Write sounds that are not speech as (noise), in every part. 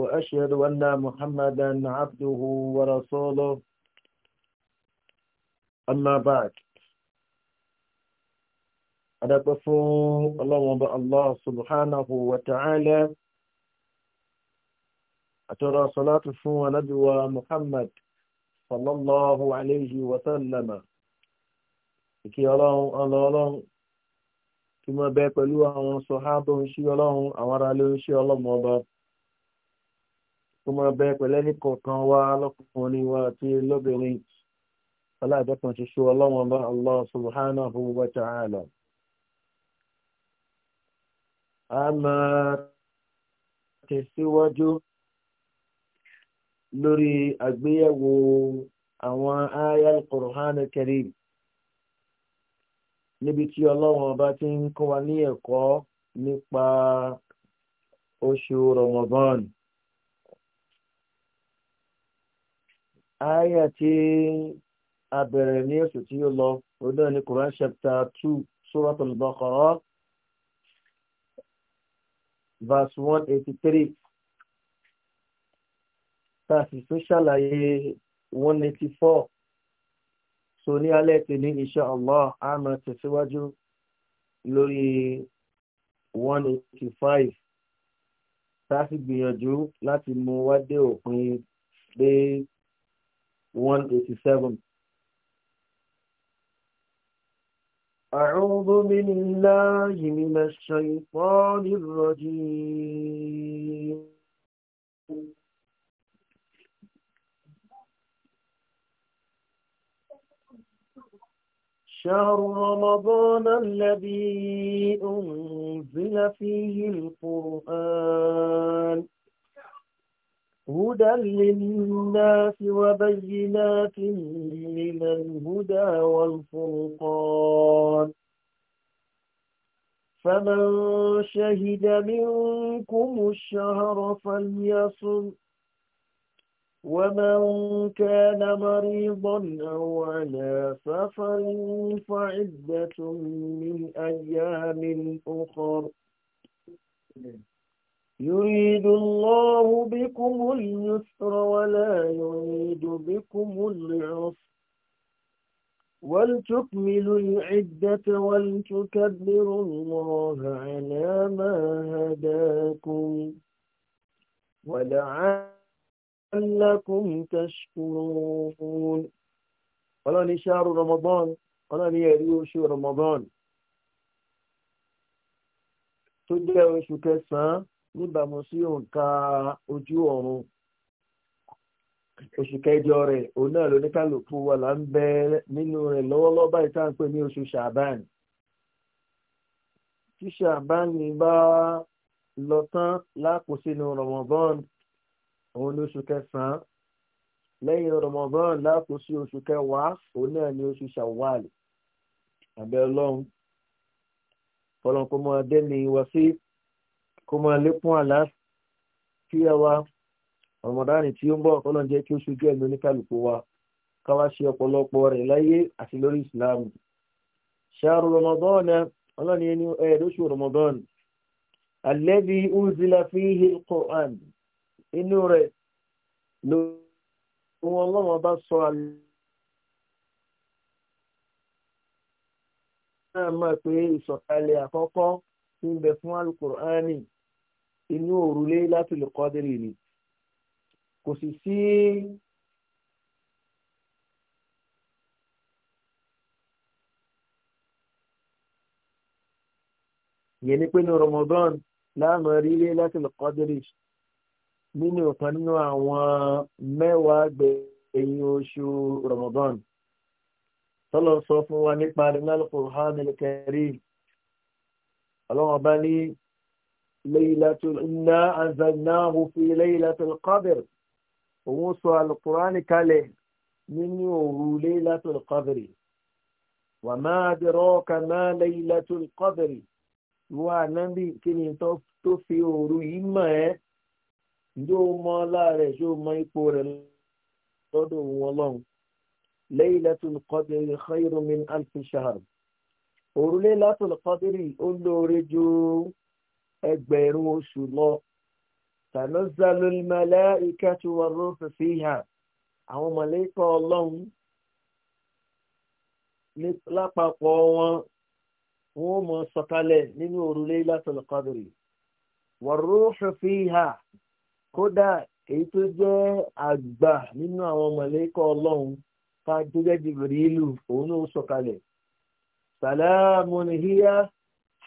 وأشهد أن محمدا عبده ورسوله أما بعد أنا الله وبأ الله سبحانه وتعالى أترى صلاة فو ندوى محمد صلى الله عليه وسلم كي الله الله kí mọ́ bẹ́ pẹ̀lú àwọn sọ̀hábọ̀ ń ṣí ọlọ́run àwọn ará ló ń ṣí tó máa bẹ pẹ̀lẹ́ ní kọ̀ọ̀kan wa lọ́kùnrin wa àti lóbìnrin aláàdọ́kan ṣoṣo ọlọ́wọ́n bá Allah subhanahu wa ta'ala. a máa tẹ̀síwájú lórí àgbéyẹ̀wò àwọn ayal Qur'an Karim níbi tí ọlọ́wọ́n bá ti ń kọ́ wa ní ẹ̀kọ́ nípa oṣù Ramadan. àyà tí a bẹ̀rẹ̀ ní oṣù tí ó lọ òun ní Quran chapter two Suratul Baqara verse one eighty three tá a sì ṣàlàyé one eighty four so ní alẹ́ tèmi insha Allah a máa tẹ̀síwájú lórí one eighty five tá a sì gbìyànjú láti mú wá òpin dé. 187. أعوذ بالله من الشيطان الرجيم شهر رمضان الذي أنزل فيه القرآن هدى للناس وبينات من الهدى والفرقان فمن شهد منكم الشهر فليصم ومن كان مريضا أو على سفر فعدة من أيام أخر يريد الله بكم اليسر ولا يريد بكم العسر ولتكملوا العدة ولتكبروا الله على ما هداكم ولعلكم تشكرون ولا نشار رمضان ولا نيريوش رمضان تجاوش كسا níbàámu sí òǹkà ojú ọ̀run oṣù kẹjọ rẹ̀ òun náà lóníkàlùkù wà là ń bẹ nínú rẹ̀ lọ́wọ́lọ́wọ́ báyìí tá à ń pè ní oṣù ṣàbán tí ṣàbán bá lọ tán lápò sínú rọmọbọ́n òun ní oṣù kẹsàn-án lẹ́yìn rọmọbọ́n lápò sí oṣù kẹwàá òun náà ní oṣù ṣàwálì àbẹ̀ ọlọ́run fọlọ́nkọ́mọdé ni wọ́n sí kó máa lékún àlàáfíà wa ọmọdáni tí ó ń bọ̀ kọ́lọ́n jẹ́ kí ó ṣojú ẹ̀mí oníkàlùkù wa káwá ṣe ọ̀pọ̀lọpọ̀ rẹ̀ láyé àti lórí ìsìláàmù ṣàrù ramadan ọlọ́ni ẹni ẹ̀ẹ́dọ́ṣù ramadan alẹ́bí uzila fihi quran inú rẹ̀ ló wọn lọ́wọ́ bá sọ àlẹ́ náà máa pé ìsọ̀kalẹ̀ àkọ́kọ́ tí ń bẹ fún alukur'ani inú òrùlé látìlú kọ́dírì ni kò sì sí yẹn ni pé ní Ramadan láàmú rí lé látìlú kọ́dírì nínú ọ̀kan nínú àwọn mẹ́wàá gbẹ̀yìn oṣù Ramadan tọ́lọ̀ sọ fún wa nípa rẹ̀ lálùkù hánilkẹ́rì ọlọ́wọ́n bá ní laylatul inna anzalnahu fi laylatul qadr òun sọ alukurani kalẹ̀ nínú òru laylatul qadr wa ma adraka ma laylatul qadr wà nábì kí ni tó fi òru yìí mọ̀ ẹ́ yóò mọ ọlá rẹ̀ yóò mọ ipò rẹ̀ lọ́dọ̀ òun ọlọ́run laylatul qadr khayrun min alfi shahr òru laylatul qadr ó lóore jù ẹgbẹ̀rún oṣù lọ tanazzalu al-malaikatu war-ruhu fiha àwọn mọ̀lẹ́kọ̀ ọlọ́run lápapọ̀ wọn wọ́n mọ̀ sọ̀kalẹ̀ nínú òrùlé Laylatul Qadri war-ruhu fiha kódà èyí tó jẹ́ àgbà nínú àwọn mọ̀lẹ́kọ̀ ọlọ́run ká tó jẹ́ Jibrilu òun ló sọ̀kalẹ̀ salamun hiya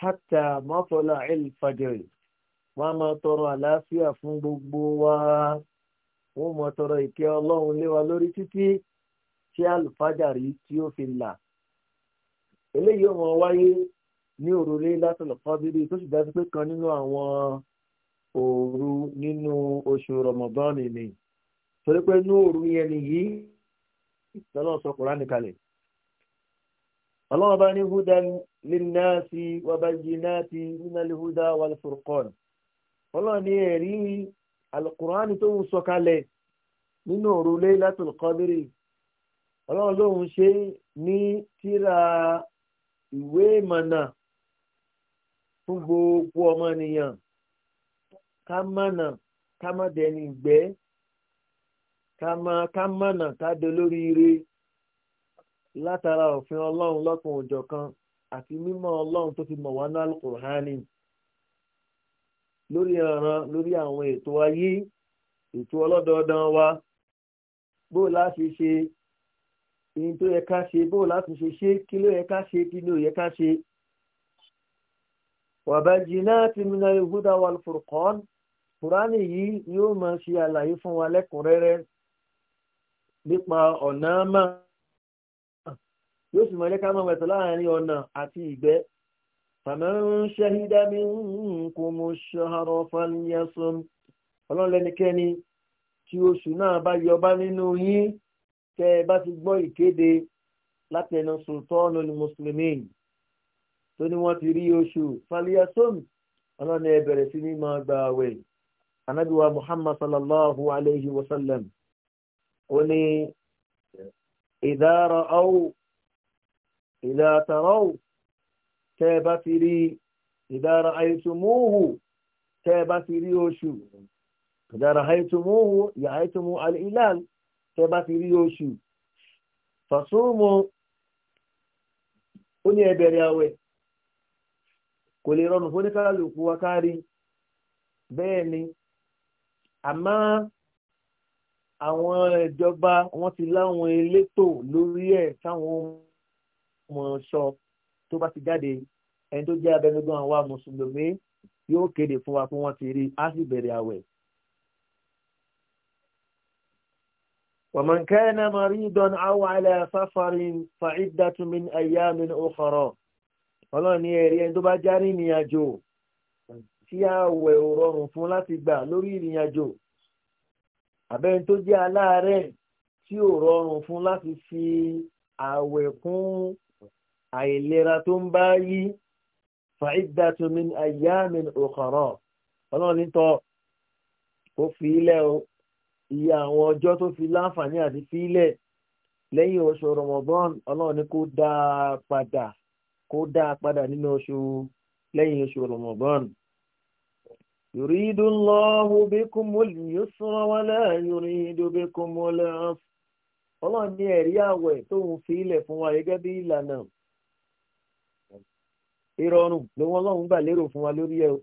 hátà mọ́tòlá ìlfàjẹ̀rì wọ́n á máa tọrọ àlàáfíà fún gbogbo wa wọ́n máa tọrọ ìkẹ́ ọlọ́run lé wa lórí títí tí àlùfájàrí tí ó fi là eléyìí ó máa wáyé ní òrùlé látọ̀lọ̀ kọ́bírí tó sì dájú pé kan nínú àwọn òru nínú oṣù rọmọbọ́ọ̀nì ni torí pé inú òru yẹn nìyí lọ́lọ́ sọ ọlọ́run bá ní húdà للناس وبينات من الهدى والفرقان ọlọ́run ní ẹ̀rí alukur'an tó ń sọkalẹ̀ nínú òru Laylatul Qadri ọlọ́run ló ń ṣe ní tíra ìwé ìmọ̀nà fún gbogbo ọmọnìyàn ká mọ̀nà ká má dẹni ìgbẹ́ ká mọ̀nà ká dolóríire látara òfin ọlọ́run lọ́kùn òjọ̀kan àti mímọ̀ ọlọ́run tó ti mọ̀ wá ní alukurhani lórí ọ̀ràn lórí àwọn ètò ayé ètò ọlọ́dọọdán wa bó láti ṣe ihun tó yẹ ká ṣe bó láti ṣe ṣe kí ló yẹ ká ṣe kí ló yẹ ká ṣe. wàbájínàtì minal huda wal furqan kùránì yìí yóò máa ṣe àlàyé fún wa lẹ́kùnrẹ́rẹ́ nípa ọ̀nà máa yóò sì mọ̀ ẹ́ ká mọ̀ ẹ̀tọ́ láàrin ọ̀nà àti ìgbẹ́ faman shahida minkumu shahra falyasum ọlọ́run lẹ́nikẹ́ni tí oṣù náà bá yọ bá nínú yín tẹ́ ẹ bá ti gbọ́ ìkéde láti ẹnu sultan ní mùsùlùmí tó ní wọ́n ti rí oṣù falyasum ọlọ́run ẹ sí ní máa gba àwẹ̀ anabiwa muhammad sallallahu alayhi wa sallam ó ní idara aw ìlà àtàrọ́wù tẹ́ ẹ bá ti rí ìdára àìtùmóhù tẹ́ ẹ bá ti rí oṣù ìdára àìtùmóhù ìyà àìtùmó alìlàn tẹ́ ẹ bá ti rí oṣù fàṣúmù ó ní ẹbẹ̀rẹ̀ àwẹ̀ kò lè rọrùn fún oníkálùkù wa kárí bẹ́ẹ̀ ni àmọ́ àwọn ìjọba wọ́n ti láwọn elétò lórí ẹ̀ táwọn mọ̀ ṣọ́ tó bá ti jáde ẹni tó jẹ́ abẹnugan àwa mùsùlùmí yóò kéde fún wa fún wọn ti rí á sì bẹ̀rẹ̀ àwẹ̀. ومن كان مريضا أو على سفر فعدة من ọlọ́run ní ẹ̀rí ẹni tó bá járí ìrìnàjò tí àwẹ̀ ò rọrùn fún láti gbà lórí ìrìnàjò àbẹ́ni tó jẹ́ aláàárẹ̀ tí ò rọrùn fún láti fi àwẹ̀ kún àìlera tó ń bá yí fa'iddatun min ayyamin ukhara ọlọ́run ní tọ́ ó fi ilẹ̀ o iye àwọn ọjọ́ tó fi láǹfààní àti fi ilẹ̀ lẹ́yìn oṣù Ramadan ọlọ́run ní kó dáa padà kó dáa padà nínú oṣù lẹ́yìn oṣù Ramadan. يريد الله بكم اليسر ولا يريد بكم العسر ọlọ́run ní ẹ̀rí àwẹ̀ tó ń fi ilẹ̀ fún wa gẹ́gẹ́ bí ìlànà ìrọ̀rùn lọ́wọ́ ọlọ́run gbà lérò fún wa lórí ẹ̀ o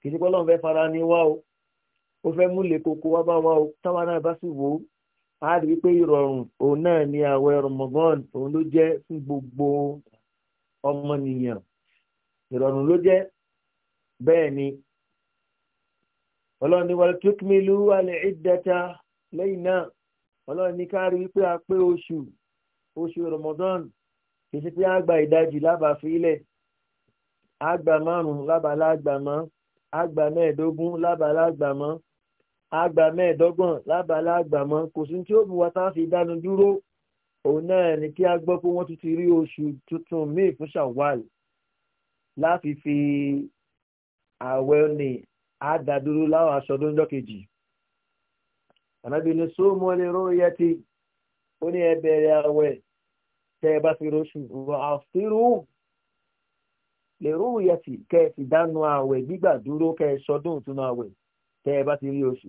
kì í ṣe pé ọlọ́run fẹ́ fara ní wá o ó fẹ́ múlẹ̀ koko wá bá wa o táwa náà bá sì wò ó a rí i pé ìrọ̀rùn òun náà ni àwẹ̀ rọmọgán òun ló jẹ́ fún gbogbo ọmọnìyàn ìrọ̀rùn ló jẹ́ bẹ́ẹ̀ ni ọlọ́run ní wàlú tókìmílù alẹ́ ìdẹ́ta lẹ́yìn náà ọlọ́run ní ká rí i pé a pé oṣù oṣù rọmọgán kì í pé a gba ìdajì lábàá àgbà márùn-ún lábala àgbàmọ́ àgbà mẹ́ẹ̀ẹ́dógún lábala àgbàmọ́ àgbà mẹ́ẹ̀ẹ́dọ́gbọ̀n lábala àgbàmọ́ kò sí tí ó bu wa tá a fi dánu dúró òun náà ni kí a gbọ́ pé wọ́n tún ti rí oṣù tuntun míì fún ṣàwàlì láfi fi ààwẹ̀ ni àdàdúró láwọn aṣọ lóńjọ́ kejì ànábi ni sóòmù ni róòyẹ ti ó ní ẹ bẹ̀rẹ̀ ààwẹ̀ tẹ́ ẹ bá fi roṣù wọ́n àfírù lèrò òyẹ̀sì kẹ́ ẹ sì dánu àwẹ̀ gbígbà dúró kẹ́ ẹ sọdún ìtúnu àwẹ̀ tẹ́ ẹ bá ti rí oṣù.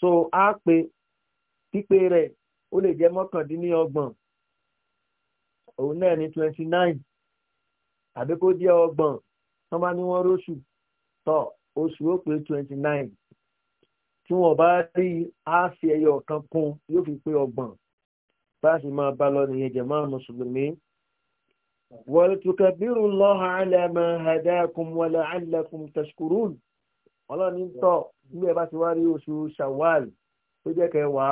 so a pe pípe rẹ̀ ó lè jẹ́ mọ́kàndínlọ́gbọ̀n òun náà ní twenty nine àbí kó jẹ́ ọgbọ̀n wọ́n bá ní wọ́n róṣù tọ̀ oṣù ó pé twenty nine tí wọ́n bá rí a fi ẹyọ kan kún yóò fi pé ọgbọ̀n bá a sì máa bá lọ nìyẹn jẹ̀mọ́ mùsùlùmí wọ́lùtùkẹ̀bírù lọ́ha alẹ́mọ̀ hadakum wọlé alẹ́kùn tashkurun ọlọ́ni ń tọ́ nígbà bá ti wá rí oṣù shawal tó jẹ́ kẹwàá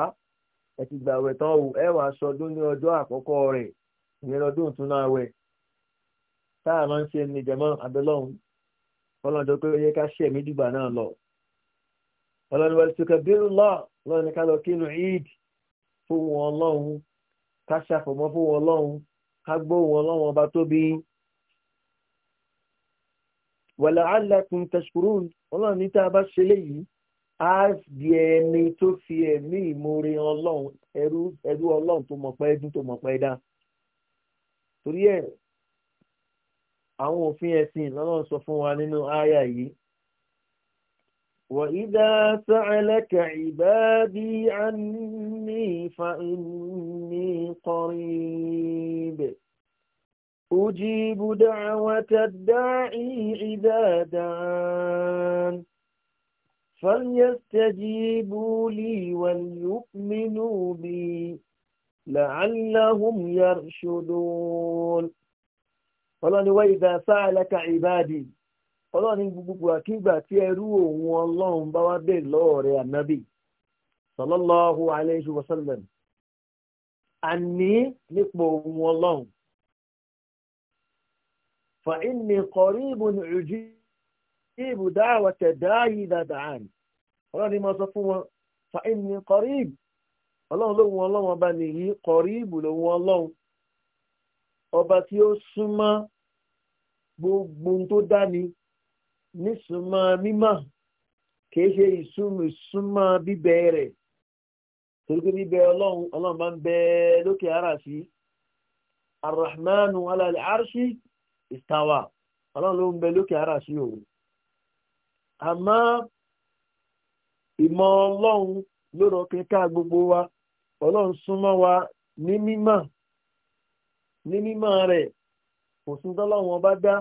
ẹ ti gbà wẹ̀ tán o ẹ wàá sọdún ní ọjọ́ àkọ́kọ́ rẹ̀ ìyẹn lọ́dún tún náà wẹ̀ táà máa ń ṣe ní jẹ̀mọ́ abẹ́lọ́hún ọlọ́dọ̀ pé ó yẹ ká ṣẹ̀mí dìgbà náà lọ ọlọ́ni wọ́lùtùkẹ̀bírù ọlọ́run ká ká gbóhùn ọlọ́run ọba tóbi wàlá alákùn tashkurun ọlọ́run ní tá a bá ṣe léyìí á di ẹni tó fi ẹ̀mí ìmoore ọlọ́run ẹrú ọlọ́run tó mọ̀ pé ẹdún tó mọ̀ pé dá torí ẹ̀ àwọn òfin ẹ̀sìn lọ́lọ́run sọ fún wa nínú ááyà yìí وَإِذَا سَأَلَكَ عِبَادِي عَنِّي فَإِنِّي قَرِيبٌ أُجِيبُ دَعْوَةَ الدَّاعِي إِذَا دَعَانِ فَلْيَسْتَجِيبُوا لِي وَلْيُؤْمِنُوا بِي لَعَلَّهُمْ يَرْشُدُونَ فَلَنِ وَإِذَا سَأَلَكَ عِبَادِي ọlọ́run ní gbogbo àkígbà tí ẹrú òun ọlọ́run bá wá bẹ̀ lọ́wọ́ rẹ̀ ànábì sallallahu alayhi wa sallam àní nípa òun ọlọ́run fa inni qaribun ujibu da'wata da'i idha da'an ọlọ́run ní mo sọ fún wọn fa inni qarib ọlọ́run lóhun ọlọ́run ọba nìyí qaribu lóhun ọlọ́run ọba tí ó súnmọ́ gbogbo tó dá ni nísùnmọ́ mímọ́ kìí ṣe ìsúnmọ́ bíbẹ torí pé bíbẹ ọlọ́run ọlọ́run bá ń bẹ lókè ara sí arahmanu alal istawa ọlọ́run ló ń bẹ lókè ara sí òun àmọ́ ìmọ̀ ọlọ́run ló gbogbo wa ọlọ́run wa ní ma ní mímọ́ rẹ̀ kò sí tọ́lọ́run ọba dá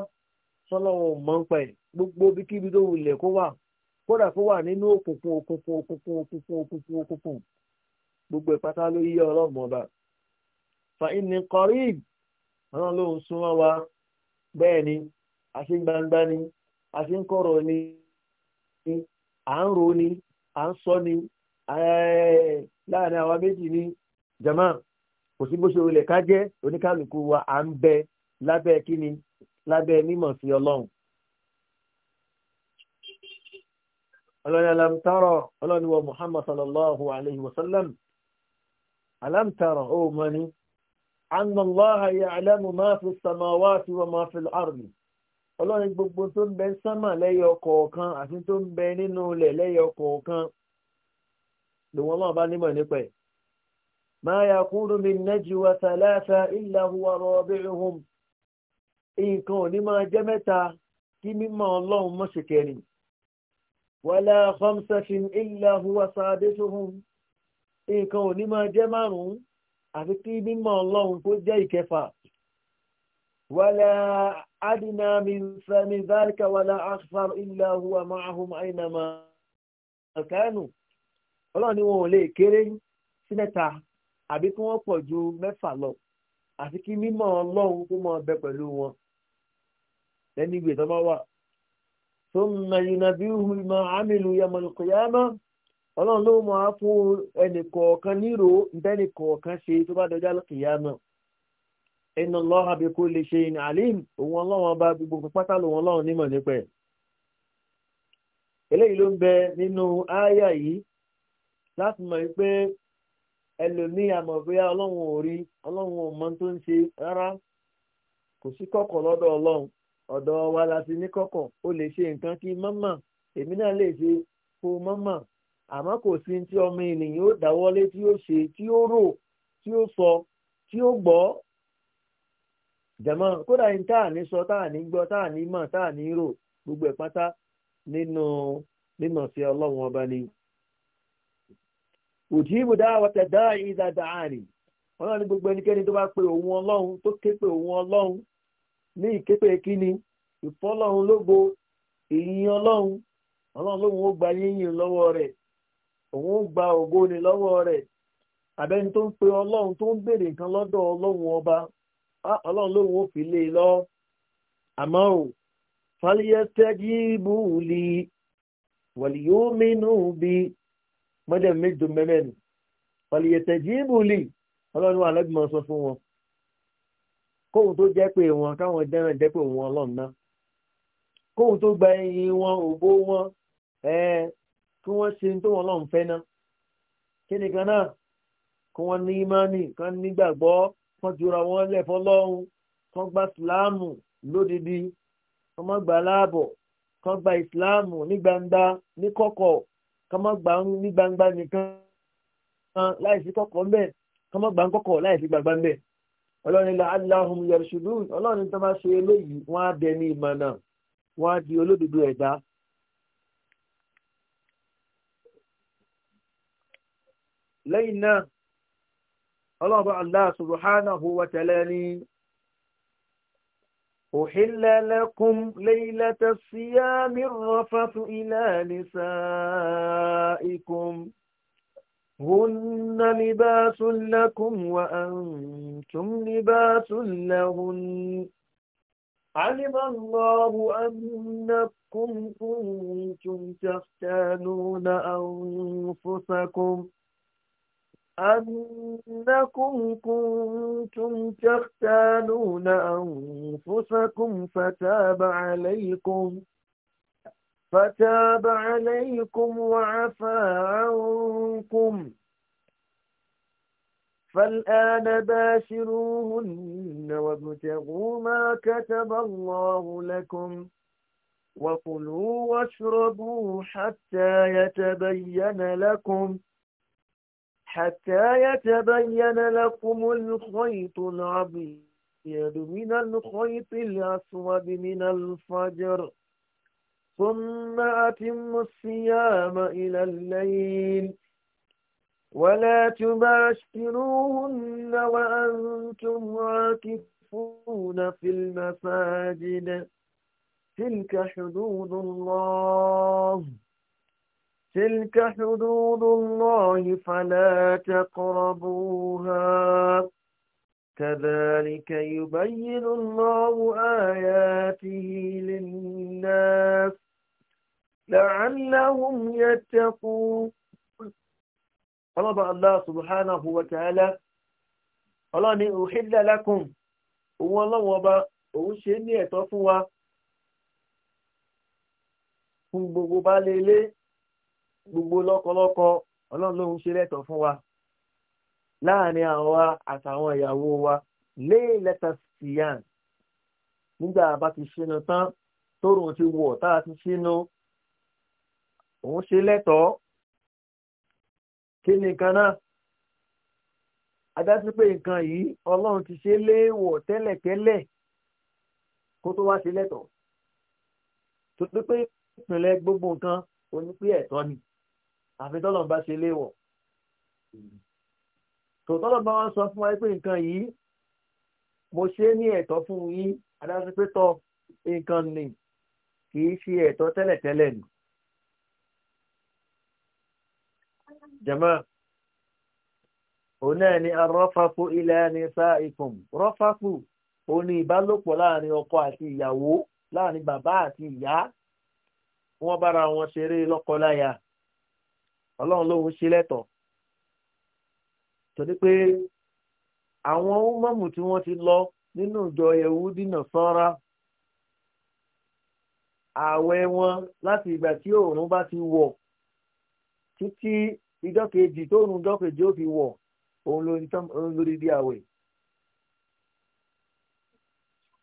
tọ́lọ́run ò gbogbo bíkíbi tó wulẹ̀ kó wà kódà kó wà nínú òkùnkùn òkùnkùn òkùnkùn òkùnkùn òkùnkùn gbogbo ìpátá ló yí ọlọ́run ọba fa inni qarib ọlọ́run wa bẹ́ẹ̀ ni àti gbangba ni àti à ń ro ni à ń sọ ni eh, láàrin àwa méjì ni jama kò sí bó ṣe ká jẹ́ wa à ń bẹ lábẹ́ ọlọ́ni alamtaro ọlọ́ni wa muhammad sallallahu alayhi wa sallam alamtaro ó mọ́ ni annallaha ya'lamu ma fi samawati wa ma fi al-ardi ọlọ́ni gbogbo tó ń bẹ sánmà lẹ́yọ kọ̀ọ̀kan àti tó ń bẹ nínú ilẹ̀ lẹ́yọ kọ̀ọ̀kan lòun ọlọ́run bá nímọ̀ nípa ẹ̀ ma yakunu min najwa thalatha illa huwa rabi'uhum nǹkan ò ní máa jẹ́ mẹ́ta kí mímọ̀ ọlọ́run mọ̀ ṣe kẹrin wala khamsatin illa huwa sadisuhum nǹkan ò ní máa jẹ́ márùn-ún àfi kí mímọ̀ ọlọ́run kó jẹ́ ìkẹfà wala adina min dhalika wala akthar illa huwa ma'ahum aynama kanu ọlọ́run ni wọn ò lè kéré sí mẹ́ta àbí kí wọ́n pọ̀ ju mẹ́fà lọ àfi kí mímọ̀ ọlọ́run kó máa bẹ pẹ̀lú wọn lẹ́ni ìgbè tó bá wà ثم ينبئهم ما عملوا يوم القيامة ọlọ́run ló máa fún ẹnìkọ̀ọ̀kan nírò ìdẹ́nìkọ̀ọ̀kan ṣe tó bá dọjá lọ́kìyàmọ̀ inna Allaha bi kulli shay'in alim òun ọlọ́run bá gbogbo pátá lòun ọlọ́run nímọ̀ eléyìí ló ń bẹ nínú yìí láti mọ̀ pé ẹlòmíì àmọ̀ bóyá ọlọ́run ò rí ọlọ́run ò mọ tó ń ọ̀dọ̀ wa la ti ní kọ́kọ̀ o lè ṣe nǹkan kí mọ́mọ́ èmi náà lè ṣe kó mọ́mọ́ àmọ́ kò sí tí ọmọ ènìyàn ó dáwọ́lé tí ó ṣe tí ó rò tí ó sọ tí ó gbọ́ jẹ̀mọ́ kódà ní tá à ní sọ tá à ní gbọ́ tá à ní mọ̀ tá à ní rò gbogbo ẹ̀ pátá nínú nínú sí ọlọ́run ọba ni. òtí ibùdá àwọ̀tẹ̀dá ìdàdà àrìn ọlọ́run ní gbogbo ẹnikẹ́ni tó bá pe òun ọlọ́run tó ké pe òun ọlọ́run ní ìképe kíni ìfọlọ́run lógo ìyìn ọlọ́run ọlọ́run lóhun ó gba yíyìn lọ́wọ́ rẹ̀ òun ó gba ògo ni lọ́wọ́ rẹ̀ àbẹ́ni tó ń pe ọlọ́run tó ń béèrè nǹkan lọ́dọ̀ ọlọ́run ọba ọlọ́run lóhun ó fi lé e lọ àmọ́ ò fàlíyẹ́tẹ́gì búùlì wàlíyómìnú bí mọ́dẹ̀ méjì mẹ́mẹ́rin fàlíyẹ́tẹ́gì búùlì ọlọ́run àlẹ́gbẹ̀mọ́ sọ fún wọn kóhun tó jẹ́ pé wọn káwọn dẹ́rẹ̀ jẹ́ pé wọn ọlọ́run náà kóhun tó gba ẹyin wọn ògbó wọn kí wọ́n ṣe tó wọn ọlọ́run fẹ́ náà kí nìkan náà kí wọ́n ní ìmánì kan nígbàgbọ́ kan jura wọn lẹ́fọ́ lọ́hùn kan gba ìsìláàmù lódìdí kan má gba aláàbọ̀ kan gba ìsìláàmù ní gbangba ní kọ̀kọ̀ kan má gba ní gbangba nìkan láìsí kọ̀kọ̀ ńbẹ̀ kan má gba ń kọ̀kọ̀ láìsí gbangba ńbẹ̀ ọlọ́run ilẹ̀ aláhùn yẹ̀rùsùdù ọlọ́run tó máa ṣe eléyìí wọ́n á dẹni ìmọ̀nà wọ́n á di olódodo ẹ̀dá. lẹ́yìn náà ọlọ́run bá allah subhanahu wa ta'ala ni أحل لكم ليلة الصيام الرفث إلى نسائكم هن لباس لكم وأنتم لباس لهن علم الله أنكم كنتم تختانون أنفسكم أنكم كنتم تختانون أنفسكم فتاب عليكم فتاب عليكم وعفى عنكم فالآن باشروهن وابتغوا ما كتب الله لكم وكلوا واشربوا حتى يتبين لكم حتى يتبين لكم الخيط العبيد من الخيط الأسود من الفجر ثم أتم الصيام إلى الليل ولا تباشروهن وأنتم عاكفون في المساجد تلك حدود الله تلك حدود الله فلا تقربوها كذلك يبين الله آياته للناس لعلهم يتقون ọlọ́ba Allah subhanahu wa ta'ala ọlọ́ni uhilla lakum òun ọlọ́wọ́ ọba òun ṣe ní ẹ̀tọ́ fún wa fún gbogbo bá lélé gbogbo lọ́kọlọ́kọ ọlọ́run lóun ṣe lẹ́tọ̀ fún wa láàrin àwa àtàwọn ìyàwó wa léèlẹ́ta siyan nígbà bá ti ṣínú tán tóòrùn ti wọ̀ tá a ti ṣínú òun ṣe lẹ́tọ̀ọ́ kí ni nǹkan náà adásí pé nǹkan yìí ọlọ́run ti ṣe léèwọ̀ tẹ́lẹ̀tẹ́lẹ̀ kó tó wá sí lẹ́tọ̀ọ́ tó tó pé ìpìlẹ̀ gbogbo nǹkan oní pé ẹ̀tọ́ ni àfi tọ́lọ̀ bá ṣe léèwọ̀ tó tọ́lọ̀ bá wọn sọ fún wa pé nǹkan yìí mo ṣe ní ẹ̀tọ́ fún yín adásí pé tọ́ nǹkan ni kì í ṣe ẹ̀tọ́ tẹ́lẹ̀tẹ́lẹ̀ ni. jama òun náà ni arọ́fàfù ilẹ̀ ni sáìkùn rọ́fàfù òun ni ìbálòpọ̀ láàrin ọkọ àti ìyàwó láàrin bàbá àti ìyá wọ́n bára wọn ṣeré lọ́kọláya ọlọ́run lóhun ṣe lẹ́tọ̀ọ́ torí pé àwọn ọmọọmù tí wọ́n ti lọ nínú ìjọ yehudi nasara ààwẹ̀ wọn láti ìgbà tí òòrùn bá ti wọ̀ títí ìjọ kejì tó nu ìjọ kejì ó fi wọ̀ òun lórí tán òun lórí bí àwẹ̀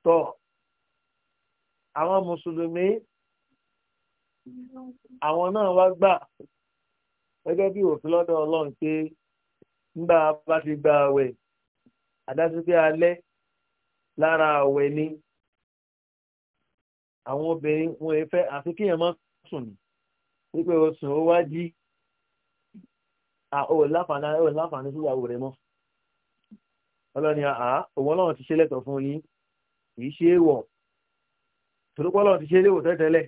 tọ̀ àwọn mùsùlùmí àwọn náà wá gbà gẹ́gẹ́ bí òfin lọ́dọ̀ ọlọ́run pé nígbà bá ti gba àwẹ̀ àdásí pé lára àwẹ̀ ni àwọn obìnrin wọn fẹ́ àfi kíyàn mọ́ sùn ní wípé o ó wá jí Ah, ó láǹfààní ó láǹfààní síyàwó rẹ̀ mọ́ ọlọ́ni àá òun ọlọ́run ti ṣe lẹ́tọ̀ fún yín kì í ṣe é wọ̀ tòlópọ̀ ọlọ́run ti ṣe é léwò tẹ́tẹ́lẹ̀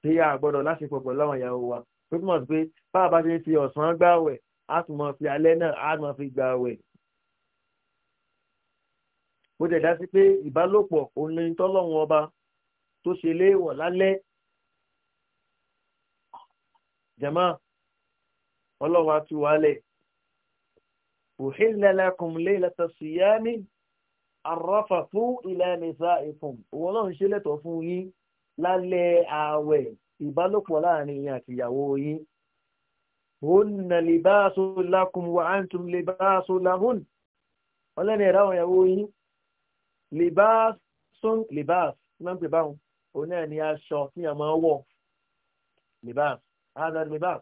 pé a gbọ́dọ̀ láṣepọ̀ pẹ̀lú àwọn ìyàwó wa tó túmọ̀ sí pé bá a bá ṣe fi ọ̀sán gbààwẹ̀ a tún mọ̀ fi alẹ́ náà a mọ̀ fi gbààwẹ̀ bó tẹ̀ dá sí pé ìbálòpọ̀ òun tọ́lọ́run ọba tó ṣe léèwọ̀ lálẹ́ jẹ̀mọ́ ọlọ́run àti wàálẹ̀ uhilla lakum laylata siyami arrafathu ila nisaikum òun ọlọ́run ṣe lẹ́tọ̀ọ́ fún yín lálẹ́ ààwẹ̀ ìbálòpọ̀ láàrin yín àti ìyàwó yín hunna libasun lakum wa antum libasun lahun ọlẹ́ni ẹ̀rọ àwọn ìyàwó yín libasun libas máa ń pè báwọn òun náà ni aṣọ tí a máa wọ̀ libas hazard libas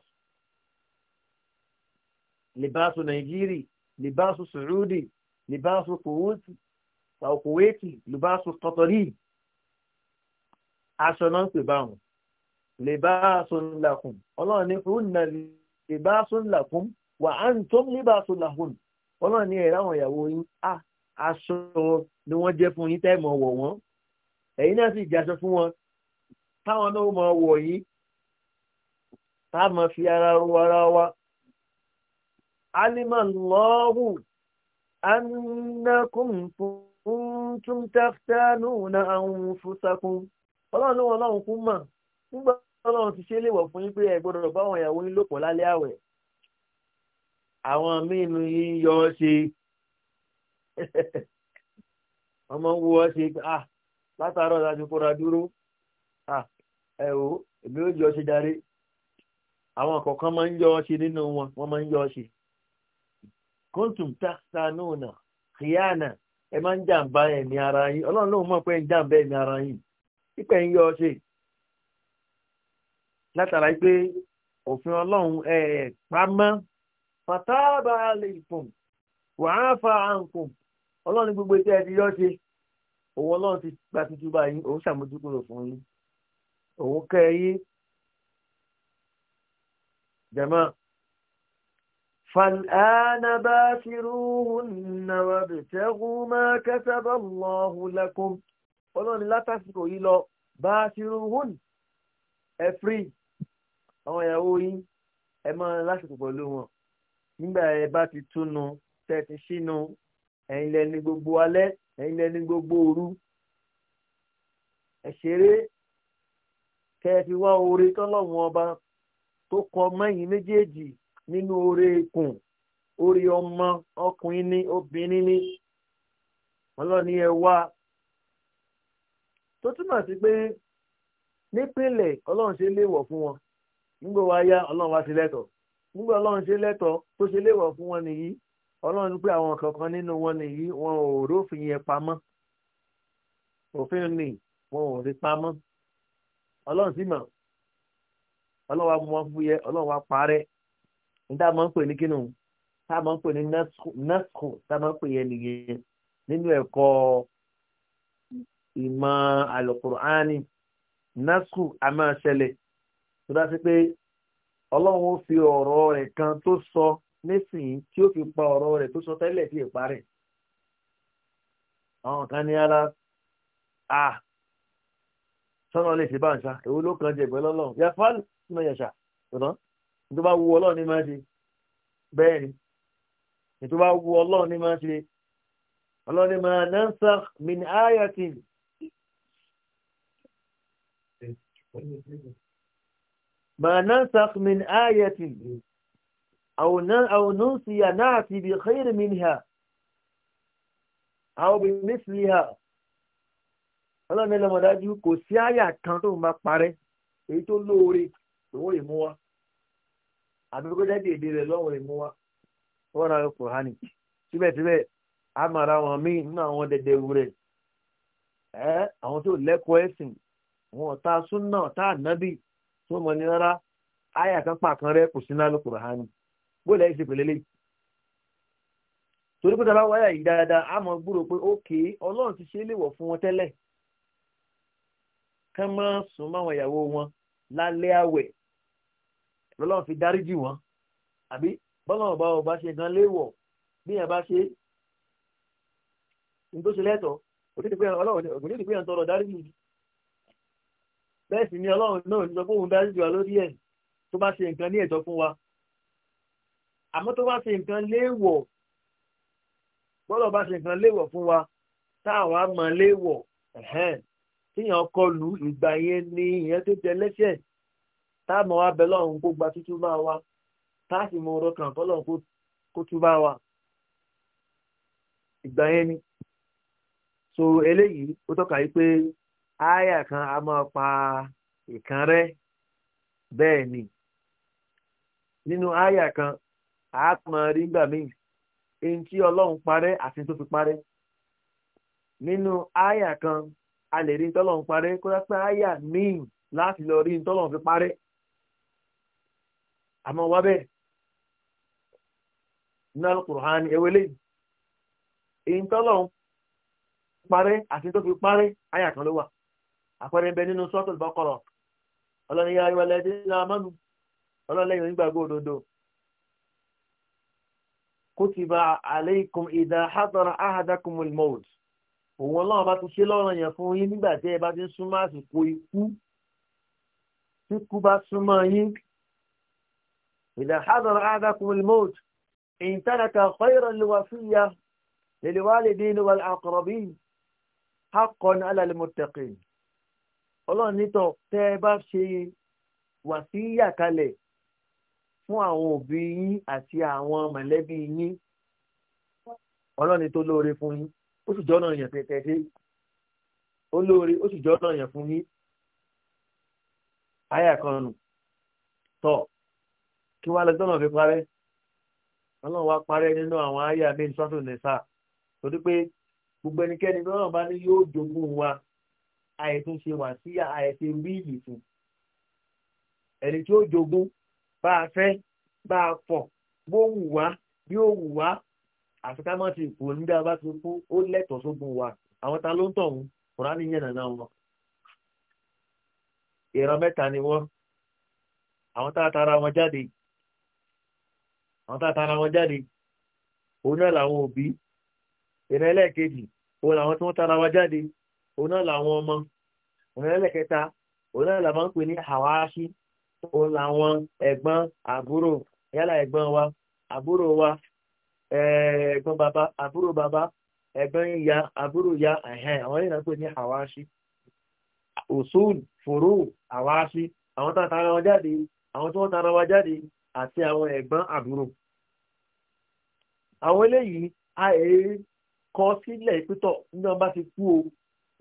libasu nàìjírí libasu sùúdì libasu kòwòtì kòwòtì libasu kọtọrí aṣọ náà ń pè báwọn libasu lakum ọlọ́run ní hunna libasu lakum wa antum libasu lahun ọlọ́run ní ẹ̀rọ àwọn ìyàwó yín a aṣọ ni wọ́n jẹ́ fún yín tẹ́ẹ̀mọ̀ wọ̀ wọ́n ẹ̀yin náà sì jẹ́ aṣọ fún wọn táwọn náà mọ̀ wọ̀ yín táwọn fi ara ro ara wa alimallahu annakum kuntum taftanuna anfusakum ọlọ́run ló wọn ọlọ́run kú mọ̀ nígbà ọlọ́run ti ṣe é léwọ̀ fún yín pé ẹ àwọn yọ ọ ṣe (laughs) ọmọ wo ọ ṣe ah látàárọ̀ láti kóra dúró àwọn máa ń yọ ọ ṣe nínú wọn kóńtùm ta kìíyàna ẹ máa ń jàǹbá ẹ̀mí ara yín ọlọ́run lóun mọ̀ pé ń jàǹbá ẹ̀mí ara yín pípẹ́ ń yọ ṣe látara pé òfin ọlọ́run ẹ̀ pamọ́ fataba aleikum wàá gbogbo tí ti yọ ṣe òun ọlọ́run ti gba tuntun báyìí òun ṣàmójúkúrò fún yín òun kẹ́ ẹ فالآن باشروهن وابتغوا ما كتب الله لكم ọlọ́run látàsìkò yìí lọ باشروهن ẹ free àwọn ìyàwó yín ẹ máa lásìkò pẹ̀lú wọn nígbà ẹ bá ti túnu tẹ́ ti ṣínú ẹ̀yin lẹni gbogbo alẹ́ ẹ̀yin lẹni gbogbo òru ẹ kẹ́ ẹ fi wá oore tọ́lọ́run ọba tó kọ mẹ́yìn méjèèjì nínú orí ikùn orí ọmọ ọkùnrin ní obìnrin ní ọlọ́ni ẹ wá tó túmọ̀ sí pé nípìnlẹ̀ ọlọ́run ṣe léèwọ̀ fún wọn nígbà wá yá ọlọ́run wá sí lẹ́tọ̀ọ́ nígbà ọlọ́run ṣe lẹ́tọ̀ọ́ tó ṣe léèwọ̀ fún wọn nìyí ọlọ́run pé àwọn kankan nínú wọn nìyí wọn ò rófin yẹn pamọ́ òfin ni wọn ò rí pamọ́ ọlọ́run sì mọ̀ ọlọ́run wa mú wọn fúyẹ́ ọlọ́run wa parẹ́ nta máa ń pè ní kínú tá a máa ń pè ní nẹ́sùkù tá a máa ń pè yẹn nìyẹn nínú ẹ̀kọ́ ìmọ̀ àlùkùránì nẹ́sùkù a máa ṣẹlẹ̀ tó dá sí pé ọlọ́run fi ọ̀rọ̀ rẹ̀ kan tó sọ nísìnyí tí ó fi pa ọ̀rọ̀ rẹ̀ tó sọ tẹ́lẹ̀ tí ì parẹ́ àwọn kan ní ara a sọ́nà lè ṣe bá ń ṣá èwo ló kàn jẹ̀gbẹ́ lọ́lọ́run yàtọ̀ náà yàtọ̀ tó bá wu ọlọ́run ní máa ṣe bẹ́ẹ̀ ni ètò bá wu ọlọ́run ní máa ṣe ọlọ́run ní máa nansa min ayati. ما ننسخ من آية أو ننسي نأتي بخير منها أو بمثلها ọlọ́run ẹlẹ́mọ̀dájú kò sí àyà kan tó máa parẹ́ èyí tó lóore òun ìmú wa àbí kó jẹ́ bí èdè rẹ̀ lọ́wọ́ ìmú wa wọ́n ra ọkọ̀ hánì síbẹ̀síbẹ̀ a máa ra wọn míì nínú àwọn dẹdẹ rẹ̀ ẹ́ àwọn tó lẹ́kọ̀ọ́ ẹ̀sìn wọn ta súnà ta ànábì tó mọ̀ ní rárá àyà kan pàkan kò sí náà torí pé tàbá wáyà yìí dáadáa gbúrò pé ọlọ́run ti ṣe fún wọn tẹ́lẹ̀ kán máa sùn máwọn ìyàwó wọn lálẹ́ àwẹ̀ lọ́lọ́run fi dáríjì wọ́n àbí bọ́lọ́run bá ọba ṣe gan léwọ̀ bí yẹn bá ṣe ní tó ṣe lẹ́tọ̀ọ́ òkúté ti pé yẹn tọrọ dáríjì bẹ́ẹ̀ sì ni ọlọ́run náà ní sọ fún òun dáríjì wa lórí ẹ̀ tó bá ṣe nǹkan ní ẹ̀tọ́ fún wa àmọ́ tó bá ṣe nǹkan léwọ̀ bọ́lọ̀ bá ṣe nǹkan léwọ̀ fún wa táwa mọ̀ léwọ̀ tíyàn kọlù ìgbà yẹn ni ìyẹn tó tẹ lẹ́sẹ̀ táàmù wa abẹ lọ́run kó gba tútú bá wa táàsì mọ ọ̀rọ̀ kan fọlọ́run kó tú bá wa ìgbà yẹn ni so eléyìí ó tọ́ka yìí pé áyà kan a máa pa ìkan rẹ bẹ́ẹ̀ ni nínú áyà kan a máa rí gbà míì èyí tí ọlọ́run parẹ́ àti tó fi parẹ́ nínú áyà kan a lè rí tọ́lọ́run parẹ́ kó yá pé áyà míì láti lọ rí tọ́lọ́run fi parẹ́ àmọ́ wá bẹ́ẹ̀ náà ewele quran ewélé èyí tọ́lọ̀ ń parẹ́ àti tó fi parẹ́ àyà kan ló wà àpẹẹrẹ bẹ nínú Suratul Baqara ọlọ́ni yá ayọ́ ẹlẹ́dẹ́ ní amánu ọlọ́lẹ́yìn onígbàgbọ́ òdodo kutiba alaykum idha hadara ahadakumul maut òun ọlọ́run bá ti ṣe lọ́rọ̀ yẹn fún yín nígbà tí ẹ bá ti إذا حضر أحدكم الموت إن ترك خيرا الوصية للوالدين والأقربين حقا على المتقين ọlọ́run nítọ̀ tẹ́ شيء bá ṣe wàsíyà kalẹ̀ fún àwọn òbí yín àti àwọn mọ̀lẹ́bí yín ọlọ́run tó lóore fún yín ó sì jọ́nà yẹn pẹ̀tẹ́dé ó lóore ó sì jọ́nà yẹn fún yín. àyà kan nù kí wàá lọ́gbọ́n fi parẹ́ ọlọ́run wá parẹ́ nínú àwọn ayé àmì ìsọ́tò nìsa torí pé gbogbo ẹnikẹ́ni tó náà bá ní yóò jogún wa àìtún ṣe wà sí àìṣe wíìlì fún ẹni tí ó jogún bá a fẹ́ bá a fọ̀ bó wù wá bí ó wù wá àti ká má ti kú nígbà bá ti kú ó lẹ́tọ̀ọ́ sógun wa àwọn ta ló ń tọ̀hún kùrá ní yẹn nàná wọn ìran mẹ́ta ni wọ́n àwọn tá a tara wọn jáde yìí àwọn tá a tara wọn jáde òun náà làwọn òbí ìran ẹlẹ́ẹ̀kejì òun làwọn tí wọ́n tara wa jáde òun náà làwọn ọmọ ìran ẹlẹ́ẹ̀kẹta òun náà làwọn ń pè ní àwáṣí òun làwọn ẹ̀gbọ́n àbúrò yálà ẹ̀gbọ́n wa àbúrò wa ẹ̀gbọ́n bàbá àbúrò bàbá ẹ̀gbọ́n ìyá àbúrò ìyá ẹ̀hẹ́n àwọn yìí náà pè ní àwáṣí òṣùn fòrò àwáṣí àwọn tá a tara wa jáde àwọn tí wọ́n tara wa jáde àti àwọn ẹ̀gbọ́n àbúrò àwọn eléyìí a èé kọ sílẹ̀ pítọ̀ ní wọn ti kú o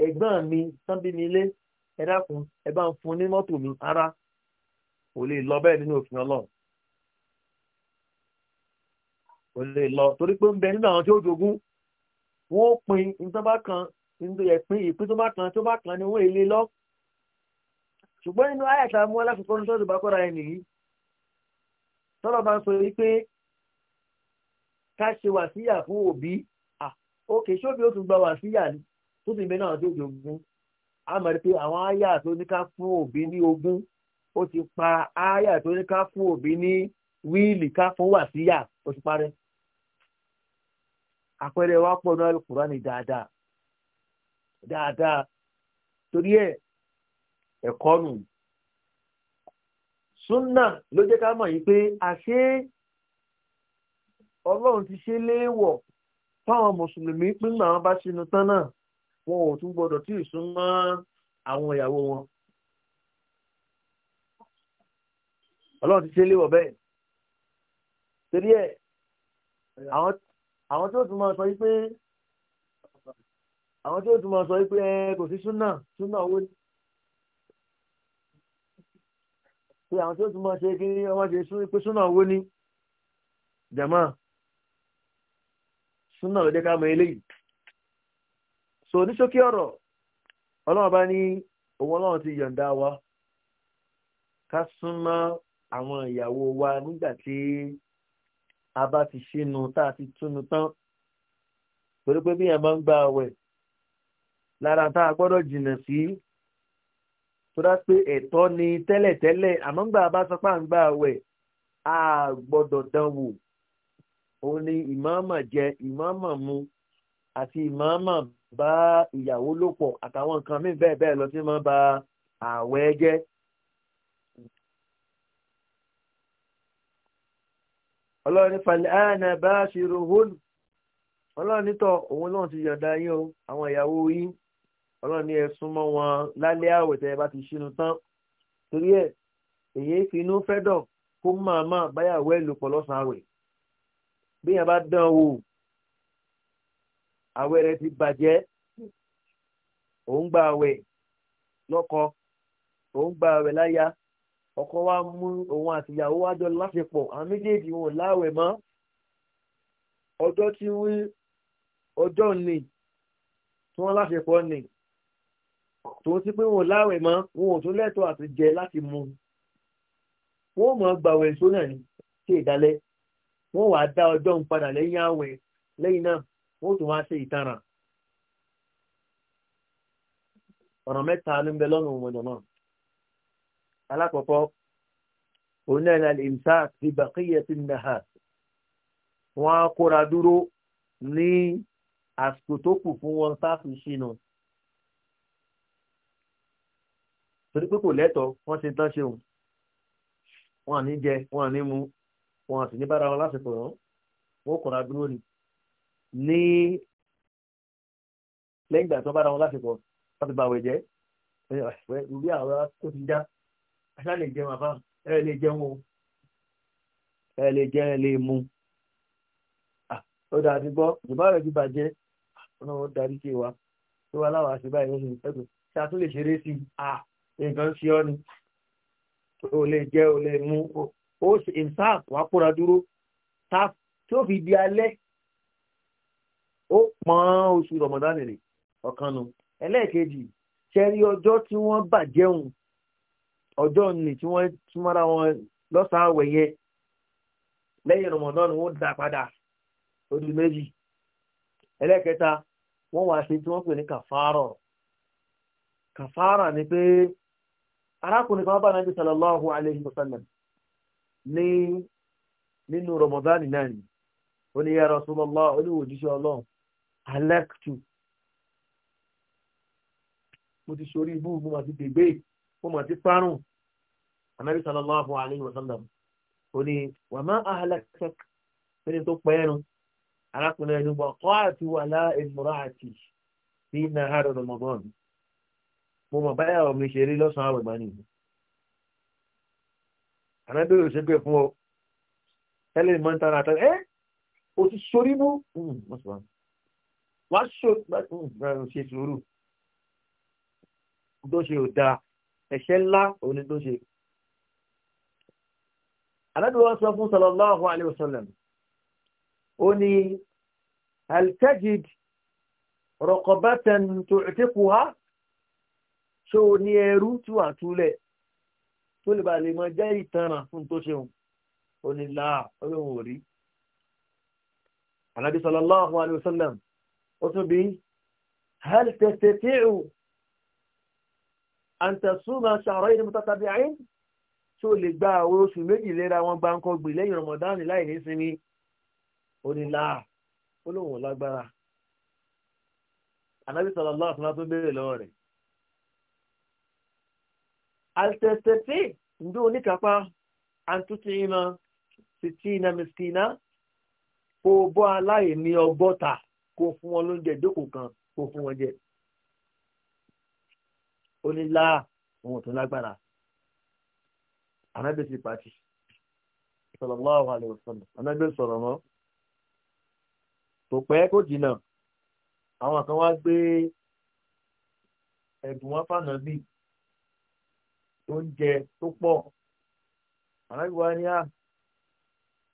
ẹ̀gbọ́n mi sanbi mi ilé ẹ dákun ẹ bá ń fún ní mọ́tò mi ara kò lè lọ bẹ́ẹ̀ nínú òfin ọlọ́run kò lè lọ torí pé ń bẹ nínú àwọn tí ó jogún wọn ó pin nǹkan bá kan ìpín ìpín tó bá kan tó bá kan ni wọn èlé lọ ṣùgbọ́n nínú àyàtà mú aláfikọ́ni tó ti bá kọ́ra ẹ̀ nìyí tọ́lọ́ bá ń sọ yìí pé ká ṣe wàsíyà fún òbí òkè ṣóbi ó tún gba wàsíyà ni tó sì ń náà tó di ogún a mọ̀ pé àwọn áyà tó ní ká fún òbí ní ogún ó ti pa áyà tó ní ká fún òbí ní wíìlì ká fún wàsíyà ó ti parẹ́ àpẹẹrẹ wa pọ̀ ní Al-Kùránì dáadáa dáadáa torí ẹ̀ ẹ̀kọ́ nù súnà ló jẹ́ ká mọ̀ yìí pé àṣé ọlọ́run ti ṣe léèwọ̀ fáwọn mùsùlùmí pé màá bá ṣinú tán náà wọn ò tún gbọdọ̀ tí ì sún mọ́ àwọn ìyàwó wọn. ọlọ́run ti ṣe léèwọ̀ bẹ́ẹ̀ torí ẹ̀ àwọn tó tún máa sọ wípé àwọn tó tún máa sọ wípé ẹ kò sí súnà súnà owó ni. pé àwọn tó tún máa ṣe kí wọ́n ṣe pé súnà owó ni jẹ̀mọ́ súnà ló jẹ́ ká mọ eléyìí so ní ṣókí ọ̀rọ̀ ọlọ́run bá ní òun ọlọ́run ti yọ̀ǹda wa ká súnmọ́ àwọn ìyàwó wa nígbà tí a bá ti ṣínu tá a ti túnu tán torí pé bí yẹn máa ń gba àwẹ̀ lára tá a gbọ́dọ̀ jìnnà sí tó dá pé ẹ̀tọ́ ni tẹ́lẹ̀tẹ́lẹ̀ àmọ́ ń bá sọ pé à ń gba àwẹ̀ a gbọ́dọ̀ dán òun ni ìmáàmà jẹ ìmáàmà mu àti ìmáàmà bá ìyàwó lò pọ̀ àtàwọn nǹkan míì bẹ́ẹ̀ bẹ́ẹ̀ lọ sí máa ba ààwẹ̀ jẹ́. ọlọ́run ní falẹ̀ ààrẹ bá ṣírò hóòlù ọlọ́run nítọ̀ òun náà ti yọ̀ǹda yín o àwọn ìyàwó yín ọlọ́run ní ẹ súnmọ́ wọn lálẹ́ àwẹ̀ tẹ́ ẹ bá ti ṣínú tán torí ẹ̀ èyí fi inú fẹ́ dọ̀ kó máa máa báyàwó ẹ̀ lò lọ́sàn-án àwẹ̀ bíyàn bá dán o àwẹ̀ rẹ̀ ti bàjẹ́ òun gba àwẹ̀ lọ́kọ òun gba àwẹ̀ láyà ọkọ wa mú òun àtìyàwó wájọ láṣepọ̀ àwọn méjèèjì wọn láwẹ̀ mọ́ ọjọ́ tí wí ọjọ́ ni tí wọ́n láṣepọ̀ ni tó ti pé wọn láwẹ̀ mọ́ wọn ò tún lẹ́tọ̀ọ́ àti jẹ láti mu wọn ò mọ̀ gbàwẹ̀ sónà ní ṣe ìdálẹ́ wọ́n wàá dá ọjọ́ ń padà lẹ́yìn àwẹ̀ lẹ́yìn náà wọ́n tún wáá ṣe ìtanràn. ọ̀nà mẹ́ta ló ń bẹ lọ́nà òmùdàn náà. alákọ̀ọ́kọ́ òun náà ní alìmísà ti bàkíyẹ sí nàá wọ́n á kóra dúró ní àsìkò tó kù fún wọn sáfì sínú. torí pé kò lẹ́tọ̀ọ́ wọ́n ṣe tán ṣeun wọ́n ní jẹ wọ́n ní mu wọn àti níbára wọn lásìkò rán wọn kọra dúró ni ní lẹ́yìn ìgbà tó bára wọn lásìkò wọn ti bàwẹ̀ jẹ́ ìrúbí àwọn tó ti já aṣá lè jẹun àbá ẹ lè jẹun o ẹ lè jẹ ẹ lè mu ó dáa ti gbọ́ ìbá rẹ̀ ti bàjẹ́ ọ̀nà ó darí sí wa tó wá láwọn àṣìbá ìrẹsì ẹ̀kọ́ tí a tún lè ṣeré sí i nǹkan ṣe ọ́ ni o lè jẹ́ o lè mu o ó ṣe ìsáàf wàá kóra dúró taf tí ó fi di alẹ́ ó pọ́n oṣù rọ̀mọ̀dá nìrè ọ̀kan nu ẹlẹ́ẹ̀kejì ṣẹ́rí ọjọ́ tí wọ́n bàjẹ́hùn ọjọ́ nì tí wọ́n súnmọ́ra wọn lọ́sàn-án àwẹ̀yẹ lẹ́yìn rọ̀mọ̀dá ni wọ́n dá padà ó di méjì ẹlẹ́ẹ̀kẹta wọ́n wá ṣe tí wọ́n pè ní kàfárọ̀ kàfárà ni pé arákùnrin kan bá nàbí sallallahu alayhi wa sallam ní nínú rọmọdánì náà ni ó ní ya Rasulullah oníwò òjíṣẹ́ ọlọ́run alẹ́kùtù mo ti sori ibú mo ma ti dègbé mo ma ti parun anabi sallallahu alayhi wa sallam ó ní wà má ahlakak ẹni tó pẹ́ ẹnu arákùnrin ẹni wà kọ́ àti wà láà ìmúra àti bí nàá rọmọdánì mo mọ̀ báyà ọ̀mí ṣe lọ́sàn-án àwẹ̀ gbani ànábì ò ṣe pé fún ọ tẹ́lẹ̀ mọ́ ń tara àtàlẹ́ ẹ́ o ti sori mú hmm, wá so hmm, ṣe sùúrù tó ṣe ò dáa ẹ̀ṣẹ̀ ńlá òun ni tó ṣe. ànábì wọn sọ fún sallallahu alaihi wasallam ó ní altajid rọ̀kọ̀bátẹ̀ tó ẹ̀tẹ́kù ha ṣó ní ẹrú tí wà túlẹ̀ tó lè ba lè mọ jẹ́ ìtanràn fún tó ṣeun ó ní láà olóhùn ò rí. ànábi sallallahu alayhi wa sallam ó tún bí hal tastati'u an tasuma shahrayn mutatabi'ayn tí ó lè gba àwọn oṣù méjì léra wọn gbáǹkọ gbè lẹ́yìn rọmọdánì láì ní sinmi ó ní láà olóhùn lágbára. ànábi sallallahu alayhi wa tó béèrè lọ́wọ́ altẹ́tẹ́tẹ́ ǹdó oníkápá àtúntì iná sitina miskina kó o bọ́ aláìní ọgọ́ta kó o fún wọn lóúnjẹ ìjókòó kan kó o fún wọn jẹ. ó ní láà ohun tó lágbára anábẹ́sì pàtì sallallahu alaihi wasallam anábẹ́sì sọ̀rọ̀ mọ́ tó pẹ́ kó jìnnà àwọn kan wá gbé ẹ̀bùn wọn fànà bíi oúnjẹ tó pọ̀ àlágbèwá ni a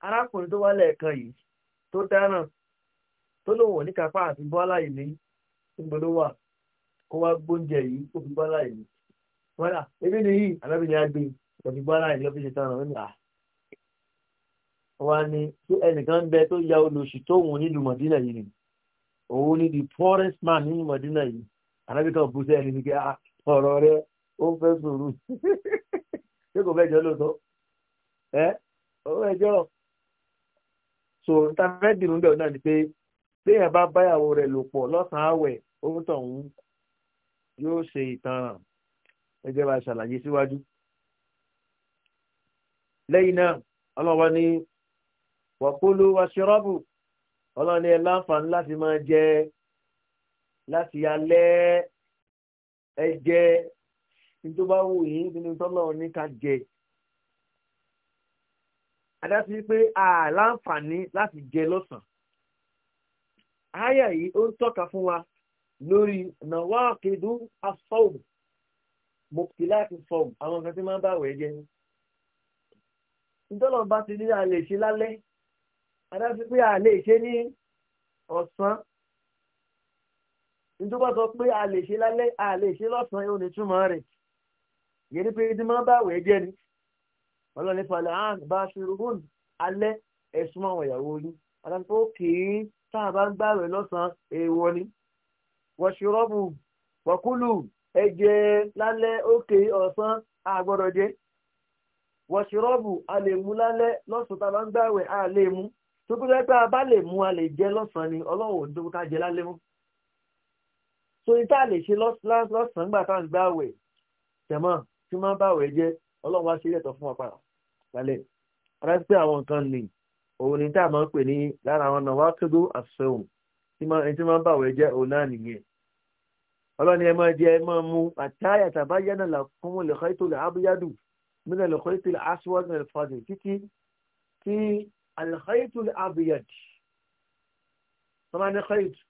arákùnrin tó wá lẹ́ẹ̀kan yìí tó dáná tó lòun ò ní kápá àti bọ́lá yìí ní níbo ló wà kó wá gbóúnjẹ yìí kó fi bọ́lá yìí wọn ebi ni yìí alábìnrin á gbé kó e. fi bọ́lá yìí lọ́fíìsì tán náà wọn là wọ́n ní tí ẹnìkan bẹ tó ya olóṣù tóun nílùú mọ̀dínà yìí ni òun ni the poorest man nínú mọ̀dínà yìí alábìkan bú sẹ́yìn ní kí ọ̀rọ̀ rẹ̀ ó fẹ́ sùúrù ṣé kò fẹ́ jọ lóòótọ́ ẹ ó fẹ́ jọ so ta fẹ́ dìrún bẹ́ẹ̀ náà ni pé téèyàn bá báyàwó rẹ̀ lò pọ̀ lọ́sàn-án àwẹ̀ ohun tọ̀hún yóò ṣe ìtanràn ẹgbẹ́ bá ṣàlàyé síwájú lẹ́yìn náà ọlọ́wọ́ ní wàkúlù wàṣírọ́bù ọlọ́wọ́ ní ẹ láǹfààní láti máa jẹ láti alẹ́ ẹ jẹ tó bá wù yín nínú tọ́lọ̀ ní ká jẹ. Adásí pé àláǹfààní láti jẹ lọ́sàn. Áyà yìí ó ń tọ́ka fún wa lórí nàwa àkédú afọ́ọ̀mù. Mo kì láti fọ́ọ̀mù àwọn kan tí máa ń bá wẹ̀ jẹ. Ìtọ́lọ̀ bá ti ní àlè ṣe lálẹ́. Adásí pé àlè ṣe ní ọ̀sán nítorí sọ pé a ṣe lálẹ́ a ṣe lọ́sàn-án yóò ní rẹ̀ yẹn ni pé tí máa bá àwẹ̀ jẹ́ ni ọlọ́ni falẹ̀ hàn bá a ṣe rúbùn alẹ́ ẹ̀sùn àwọn ìyàwó yín adájọ́ tó kéé tá a bá ń gbà rẹ̀ lọ́sàn-án èèwọ̀ ni wọ́n ṣe rọ́bù wọ́kúlù ẹ̀jẹ̀ lálẹ́ òkè ọ̀sán àgbọ̀dọ̀ jẹ́ wọ́n ṣe rọ́bù a lè mú lálẹ́ lọ́sàn-án tá a bá ń gbà rẹ̀ a lè mú tó kó a bá lè mú a lè jẹ́ lọ́sàn-án ni ọlọ́run ò dókòtà jẹ́ lálẹ́ mọ́ so tá a lè ṣe lọ́sàn-án gbà tá à ń gbà rẹ̀ tẹ̀mọ́ tí máa ń bàwẹ̀ jẹ́ ọlọ́run wá sí ilẹ̀ tó fún wa padà lálẹ́ rántí pé àwọn nǹkan ni òun ni tá a máa ń pè ní lára àwọn náà wá tó dó àṣẹwò tí máa ń bàwẹ̀ jẹ́ òun náà nìyẹn ọlọ́ni ẹ máa jẹ ẹ máa mu àtàyà tàbá yánà là fún wọn lẹ́kọ́ ètò ilẹ̀ abúyádù mílẹ̀ lẹ́kọ́ ètò ilẹ̀ aṣọ́wọ́dù ilẹ̀ fàdù títí tí àlẹ́kọ́ ètò ilẹ̀ abúyádù tọ́lá ní kọ́ìtù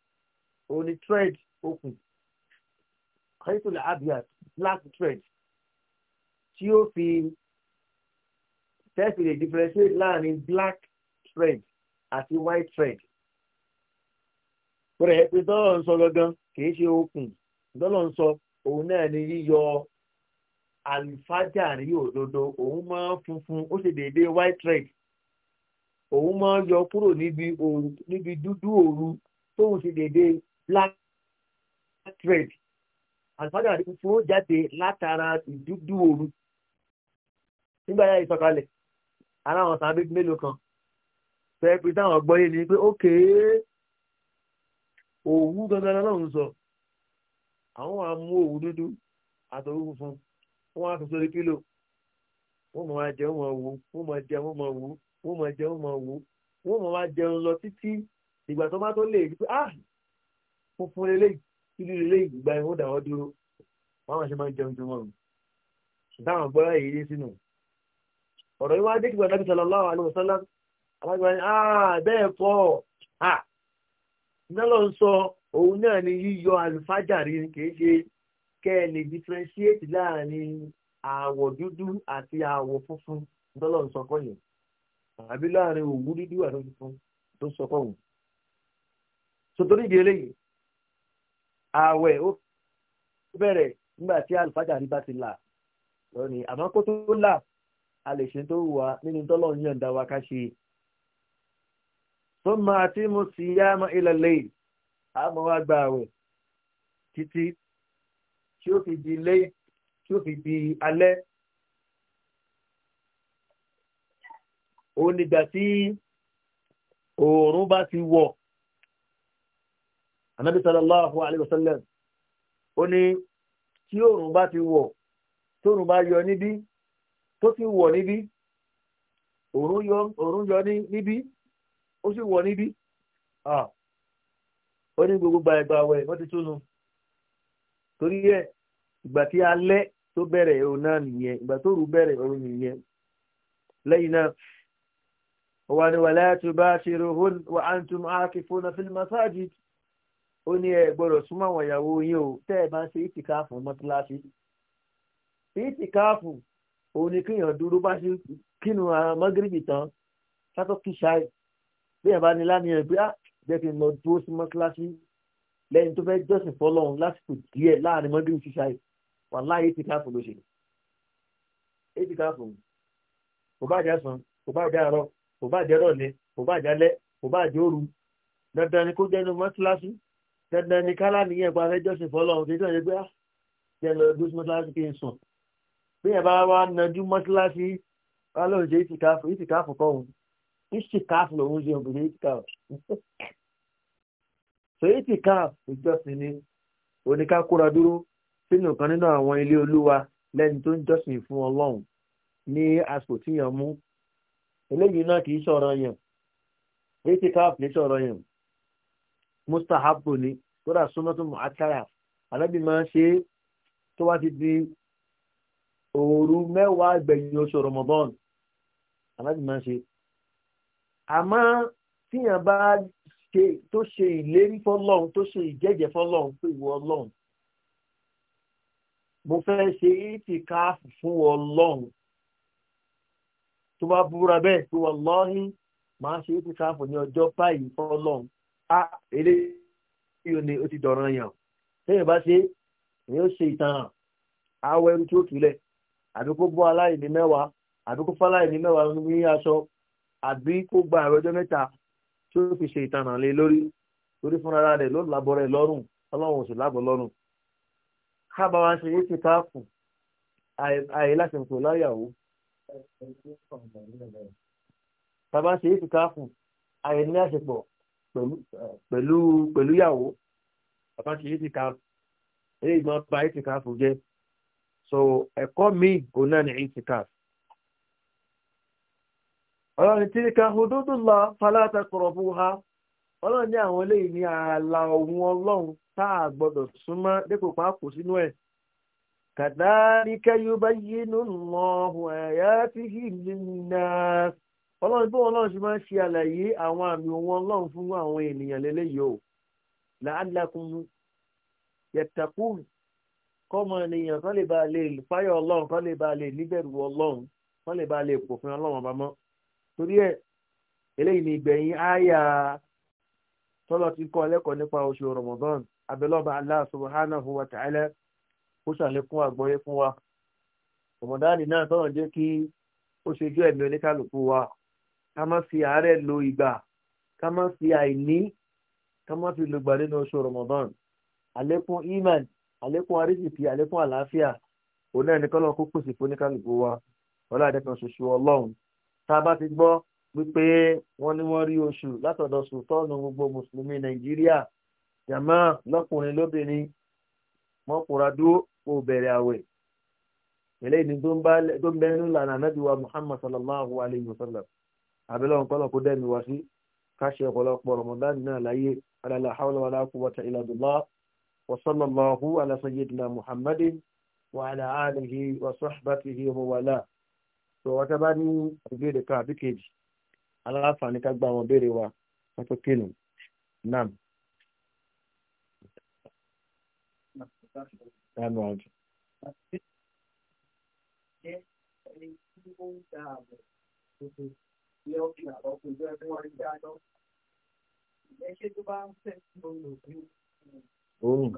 òun ni thread okùn kọ́ìtò ilẹ̀ abúyádù black thread tí ó fi tẹ́sí lè differentiate láàrin black thread àti white thread. Pẹ̀rẹ̀ pé dọ́lọ̀ ń sọ gangan kìí ṣe okùn dọ́lọ̀ ń sọ òun náà ni yíyọ àlùfájà rí òdodo òun máa ń funfun ó ṣe déédéé white thread òun máa ń yọ kúrò níbi òru níbi dúdú òru tóun ṣe déédéé black thread àlùfájà rí funfun ó jáde látara dúdú òru nígbà yà ìsọ̀kalẹ̀ aláwọn sàbí mélòó kan fẹ́ pé táwọn gbọ́yé ni pé ókè òwú gangan lọ́run sọ àwọn wà mú òwú dúdú àtòwú funfun wọ́n á fi sórí kílò wọ́n mọ̀ wá jẹun mọ̀ wú wọ́n mọ̀ jẹun mọ̀ wú wọ́n mọ̀ jẹun mọ̀ wú wọ́n mọ̀ wá jẹun lọ títí ìgbà tó má tó lè rí pé ah funfun lélẹ́yìí kílù lélẹ́yìí ìgbà yẹn ó dà wọ́n dúró báwọn ṣe máa jẹun jù wọn táwọn gbọ́dọ̀ yìí dé sínú ọ̀rọ̀ yìí wá dé kígbà nàbì sallallahu alaihi wasallam alágbà ni ah, bẹ́ẹ̀ kọ́ nílò ń sọ òun náà ni yíyọ àlùfájàrí kìí ṣe kẹ́ ẹ lè differentiate láàrin àwọ̀ dúdú àti àwọ̀ funfun nílò ń sọkọ yẹn àbí láàrin òwú dúdú àti funfun tó sọkọ wù. sotori di eléyìí ààwẹ̀ ó bẹ̀rẹ̀ nígbà tí àlùfájàrí bá ti là lọ́ni àmọ́ kó tó là a lè ṣe tó wà nínú tọ́lọ̀ ń yàn dáwà ká ṣe tó máa tí mo sì yá mọ́ ilẹ̀ lẹ́yìn a gba àwẹ̀ títí tí ó fi di lẹ́yìn tí ó fi di alẹ́ òun nígbà tí oòrùn bá ti wọ̀ anabi sallallahu alayhi wa sallam ó ní tí oòrùn bá ti wọ̀ tóòrùn bá yọ níbí tó ti wọ̀ níbí òrùn yọ níbí ó sì wọ̀ níbí ó ní gbogbo gba ẹgbà wẹ̀ wọ́n ti túnu torí ẹ̀ ìgbà tí alẹ́ tó bẹ̀rẹ̀ òun náà nìyẹn ìgbà tó rú bẹ̀rẹ̀ òun nìyẹn lẹ́yìn náà wà ní wàlẹ́ àti bá ṣe rohun wà á ń tún ákì fún afẹ́lẹ́ masáàjì ó ní ẹ gbọ́dọ̀ súnmọ́ àwọn ìyàwó yín òun ni kíyàn dúró bá ṣe kínú mọ́gírìbì tán kátó kí ṣáì bẹ́ẹ̀ bá ní lánìyàn pé á ah, jẹ́ kí n lọ dúró sí mọ́kíláṣí lẹ́yìn tó fẹ́ jọ́sìn fọlọ́run lásìkò díẹ̀ láàrin mọ́gírìbì sí ṣáì wà láàyè ti káàfù ló ṣe èyí ti káàfù kò bá jẹ́ sàn kò bá jẹ́ àárọ̀ kò bá jẹ́ rọ̀lẹ́ kò bá jẹ́ alẹ́ kò bá jẹ́ òru dandan ni kó jẹ́nu mọ́kíláṣí dandan ni kálá nìyẹn pa fẹ́ jọ́sìn fọlọ́run bíyàn bá wá nájú mọ́ṣáláṣí wá lóun ṣe ìtìkáfù ìtìkáfù kọ́ òun ìtìkáfù lòun ṣe òun ìtìkáfù so ìtìkáfù ìjọsìn ni oníkákúra dúró sínú kan nínú àwọn ilé olúwa lẹ́ni tó ń jọ́sìn fún ọlọ́run ní àsìkò tíyàn mú eléyìí náà kìí sọ̀rọ̀ yẹn ìtìkáfù ní sọ̀rọ̀ yẹn mustahabu ni kódà súnmọ́tò mọ̀ àtàrà àlábì ṣe tó wá ti di òru mẹ́wàá gbẹ̀yìn oṣù Ramadan aláàbí máa ń ṣe àmọ́ tíyàn bá ṣe tó ṣe ìlérí fọlọ́run tó ṣe ìjẹ́jẹ́ fọlọ́run pé ìwọ ọlọ́run mo fẹ́ ṣe ìtìká fún ọlọ́run tó bá búra bẹ́ẹ̀ tó wà lọ́hìn máa ṣe ìtìká fún ní ọjọ́ báyìí fọlọ́run a èlé yóò ní o ti dọ̀ràn yàn téèyàn bá ṣe èyàn ó ṣe ìtàn àwọ̀ ẹrú tí ó àbí kó bọ́ aláìní mẹ́wàá àbí kó fáláìní mẹ́wàá ní aṣọ àbí kó gba àrẹ ọjọ́ mẹ́ta tí ó fi ṣe ìtanà lé lórí torí fúnra rẹ̀ ló lábọ̀ rẹ̀ lọ́rùn ọlọ́run ò sì lábọ̀ lọ́rùn. kábà wá ṣe yéé ti káàkù àyè láti kò láyàwó. bàbá ṣe yéé ti káàkù àyè ní àṣepọ̀ pẹ̀lú yàwó bàbá ṣe yéé ti káàkù èyí ìgbọ́n bá yéé ti káàkù jẹ́. so ẹ̀kọ́ míì òun náà ní itikaf ọlọ́run tí ká hududullah fala taqrabuha ọlọ́run ní àwọn eléyìí ní ààlà ohun ọlọ́run tá a gbọ́dọ̀ súnmọ́ dépò pàápò sínú ẹ̀ kadhalika yubayyinu Allahu ayatihi linnas ọlọ́run bí ọlọ́run ṣe máa ń ṣe àlàyé àwọn àmì fún àwọn ènìyàn lélẹ́yìí o kọmọ ènìyàn kan lè ba lè fáyọ̀ ọlọ́run kan lè ba lè níbẹ̀rù ọlọ́run kan lè ba lè pòfin ọlọ́run ọba mọ́ torí ẹ̀ eléyìí ni ìgbẹ̀yìn àyà tọ́lọ́ ti kọ́ ẹlẹ́kọ̀ọ́ nípa oṣù abẹ́lọ́ba wa ta'ala kó wa náà lo ìgbà ká má fi àìní ká má fi iman àlékún àrísìkí àlékún àlàáfíà òun náà ní kọ́lọ́ kó pèsè fóníkàlùkù wa ọlọ́àdẹ́kan ṣoṣo ọlọ́run tá a bá ti gbọ́ wípé wọ́n ní wọ́n rí oṣù látọ̀dọ̀ sùtọ́ọ̀nù gbogbo mùsùlùmí nàìjíríà jàmá lọ́kùnrin lóbìnrin mọ́kùnrin dúró kó bẹ̀rẹ̀ àwẹ̀ eléyìí ni tó ń bẹ nínú ìlànà ànábì wa muhammad sallallahu alayhi wa sallam abẹ́lẹ́ ọ̀nkọ́lọ̀ kó dẹ́mi wá sí káṣí ọ̀pọ̀lọpọ̀ ramadan náà láyé alala hawla wala quwwata illa billah وصلى الله على سيدنا محمد وعلى آله وصحبته ووالاه so wata bá ní ìbéèrè kan àbí kejì aláǹfààní ká gba àwọn ìbéèrè wa wọn tó kínu nam. Ẹ ṣe tó bá ń fẹ́ lórí òbí òun.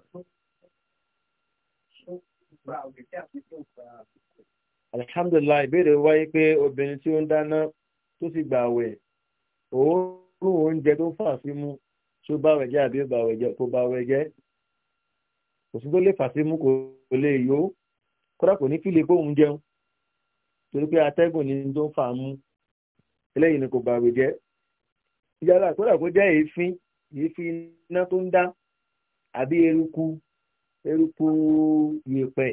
alhamdulilah ìbéèrè wáyé pé obìnrin tí ó ń dáná tó sì gbà wẹ̀ òórùn oúnjẹ tó fà sí mú tó bá wẹ̀ jẹ́ àbí kò bá wẹ̀ jẹ́ kò sí tó lè fà sí mú kò lè yó kódà kò ní fìlè bóun jẹun torí pé atẹ́gùn ni tó ń fà á mú eléyìí ni kò bá wẹ̀ jẹ́ yálà kódà kó jẹ́ èéfín èéfín iná tó ń dá àbí eruku eruku yèèpẹ̀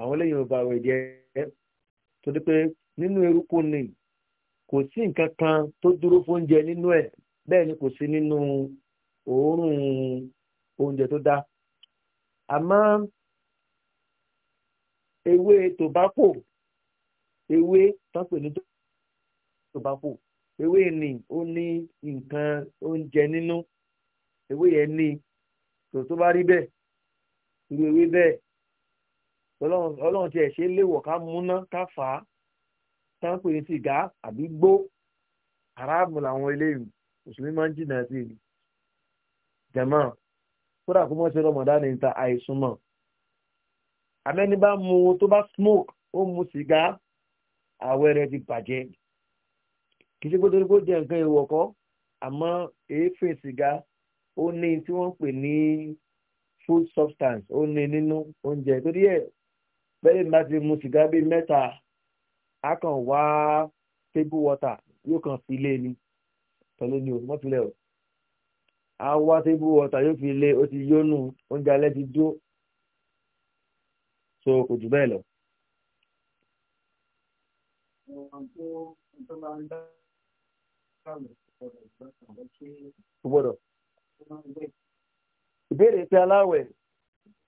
àwọn lẹ́yìn ọba àwọn ìjẹ́ tó dé pé nínú eruku ni kò sí nǹkan kan tó dúró fóúnjẹ nínú ẹ̀ bẹ́ẹ̀ ni kò sí nínú òórùn oúnjẹ tó dá àmọ́ ewé tobacco ewé tán pè ní tobacco ewé ni ó ní nǹkan oúnjẹ nínú ewé yẹn ní tòun tó bá rí bẹ́ẹ̀ irú ewé bẹ́ẹ̀ ọlọ́run tiẹ̀ ṣe léwọ̀ ká múná ká fà á tán pé sìgá àbí gbó aráàmù làwọn eléyìí mùsùlùmí máa ń jìnnà sí i jẹ̀mọ́ kódà kó mọ̀ sí rọmọdá ní ta àìsùn mọ̀ amẹ́ni bá mu tó bá smoke ó mu sìgá àwẹ̀ rẹ̀ ti bàjẹ́ kì í ṣe pé torí pé jẹ nǹkan ìwọ̀kọ́ àmọ́ èéfín sìgá ó ní tí wọ́n pè ní food substance ó ní nínú oúnjẹ torí ẹ̀ bẹ́ẹ̀ ni bá ti mu sìgá bíi mẹ́ta á kàn wá table water yóò kàn fi lé ni pẹ̀lú ni o mọ́ fi lẹ̀ o á wá table water yóò fi lé o ti yónú oúnjẹ alẹ́ ti dúró so kò jù bẹ́ẹ̀ lọ. Gbọ́dọ̀ ìbéèrè pé aláwẹ̀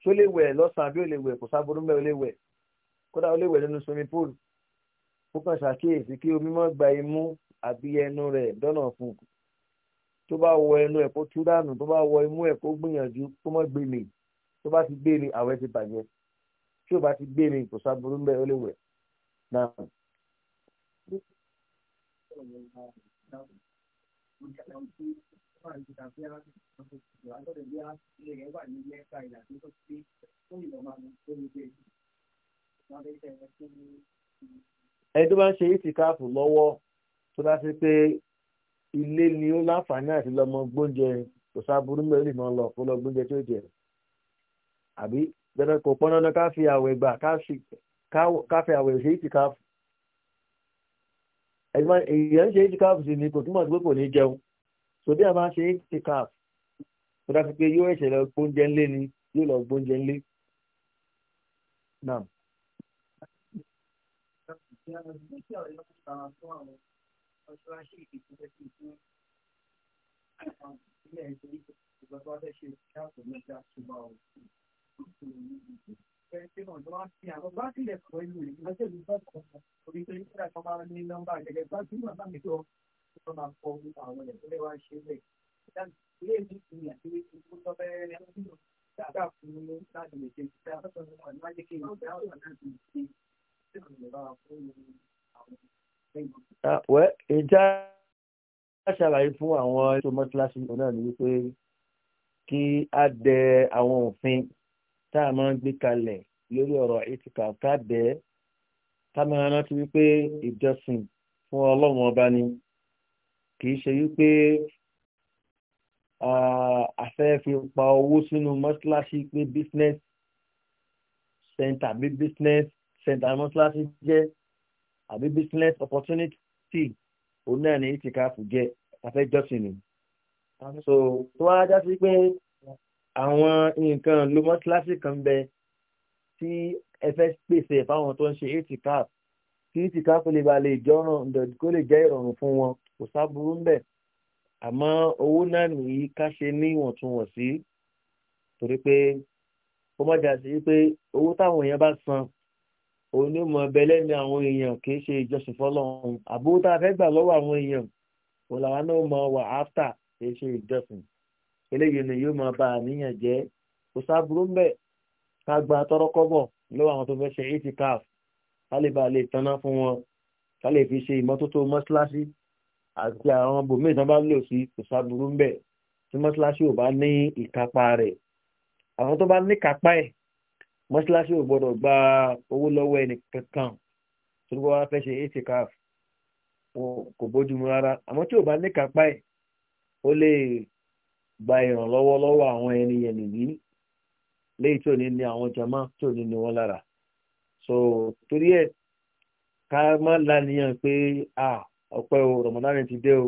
tó lè wẹ̀ lọ́sàn-án àbí ò lè wẹ̀ kò sábúrú mẹ́ ò lè wẹ̀ kódà ó lè wẹ̀ nínú swimming pool ó kàn ṣàkíyèsí kí omi mọ́ gba imú àbí ẹnu rẹ̀ dọ́nà fún un tó bá wọ ẹnu ẹ̀ kó tú dànù tó bá wọ imú ẹ̀ kó gbìyànjú kó mọ́ gbé mi tó bá ti gbé àwẹ̀ ti bàjẹ́ tí ò bá ti gbé kò sábúrú mẹ́ ò lè wẹ̀ náà fà ju tàbí ara ìgbà àtọ́dẹ̀ bí a ilé rẹ̀ wà ní mẹ́ta ìlà tó tó ti tó ìlọ máa mú tó ní bẹ́ẹ̀ máa bẹ́ẹ̀ tẹ̀ ẹ́ fún mi. ẹni tó bá ń ṣe ìtìkáàfù lọ́wọ́ tó bá ṣe pé ilé ni ó láǹfààní àti lọ́mọ gbóúnjẹ kò sáburú mẹ́rin lè máa lọ kó lọ gbóúnjẹ tó jẹ àbí dandan kò pọn dandan ká fi àwẹ̀ gbà ká fi àwẹ̀ ṣe ìtìkáàfù ẹ̀yìn ṣe ìtìkáàfù sí ni kò túmọ̀ sí pé kò ní jẹun sòdí àbá ṣe tikaf tó dá sí pé yóò ẹ̀ṣẹ̀ lọ gbóúnjẹ ńlé ni yóò lọ gbóúnjẹ ńlé. Naam tó máa kọ àwọn èèyàn tó lè wá ṣe lè ilé ìlú ah, ìjà ṣàlàyé fún àwọn ètò mọ́tíláṣí náà ni wípé kí á dẹ àwọn òfin tá a máa ń gbé kalẹ̀ lórí ọ̀rọ̀ ìtìkà ká dẹ ká máa rántí wípé ìjọsìn fún ọlọ́run ọba ni kì í ṣe wípé àfẹ́fẹ́ ah, pa owó sínú mọ́ṣáláṣí pé business center àbí business center mọ́ṣáláṣí jẹ́ àbí business opportunity òun náà ní ìtìkáàfù jẹ́ àfẹ́jọ́sìn ni. so tó wá já sí pé àwọn nǹkan lo mọ́ṣáláṣí kan bẹ tí ẹ fẹ́ pèsè fáwọn tó ń ṣe ìtìkáàfù tí ìtìkáàfù lè ba lè jọ́ràn kó lè jẹ́ ìrọ̀rùn fún wọn kò sáburú ń bẹ̀ àmọ́ owó náà nìyí ká ṣe ní ìwọ̀ntúnwọ̀nsí torí pé ó má jà sí pé owó táwọn èèyàn bá san òun ni ó mọ ẹbẹ lẹ́nu àwọn èèyàn kì í ṣe ìjọsìn fọlọ́run àbúrò tá a fẹ́ gbà lọ́wọ́ àwọn èèyàn òun làwọn náà mọ wà áfítà kì í ṣe ìjọsìn eléyìí ni yóò máa bá àníyàn jẹ́ kò sáburú ń bẹ̀ ká gba tọ́rọ́kọ́bọ̀ lọ́wọ́ àwọn tó fẹ́ ṣe eighty calf ká lè ba lè tanná fún wọn ká lè fi ṣe ìmọ́tótó mọ́ṣáláṣí àti àwọn bòmíì tí wọ́n bá lò sí kò sábúrú ń bẹ̀ tí mọ́ṣáláṣí ò bá ní ìkápá rẹ̀ àwọn tó bá ní kápá ẹ̀ mọ́ṣáláṣí ò gbọ́dọ̀ gba owó lọ́wọ́ ẹnì kankan tó ń bọ́ wá fẹ́ ṣe atcaf kò bójúmu rárá àmọ́ tí ò bá ní kápá ẹ̀ ó lè gba ìrànlọ́wọ́ lọ́wọ́ àwọn ẹni yẹn nìyí léyìí tí ò ní ní àwọn jama tí ò ní ní wọn lára so torí ẹ̀ ká má lánìyàn pé ah ọpẹ́ o rọmọdánì ti dé o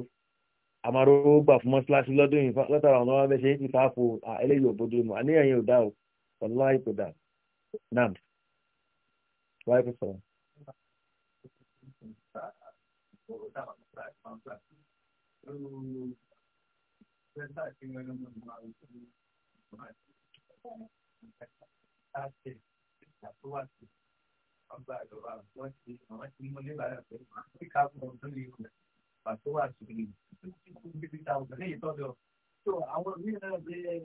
àmàrò owó gbà fún mọ́ṣáláṣí lọ́dún yìí látara àwọn ọmọ ẹgbẹ́ ṣe é ti ká fo eléyìí òbodò mu àníyàn yẹn ò dá o ọ̀nà àìkò dá nam wáyé kò sọ̀rọ̀ ọgbà ìjọba wọn ti àwọn tí mo lé bàrà pé màá fi káàbọ̀ ọdún yìí rẹ̀ pàtó wà sí i two fifty thousand lẹ́yìn tọ́jọ́ so àwọn mìíràn bẹ́ẹ̀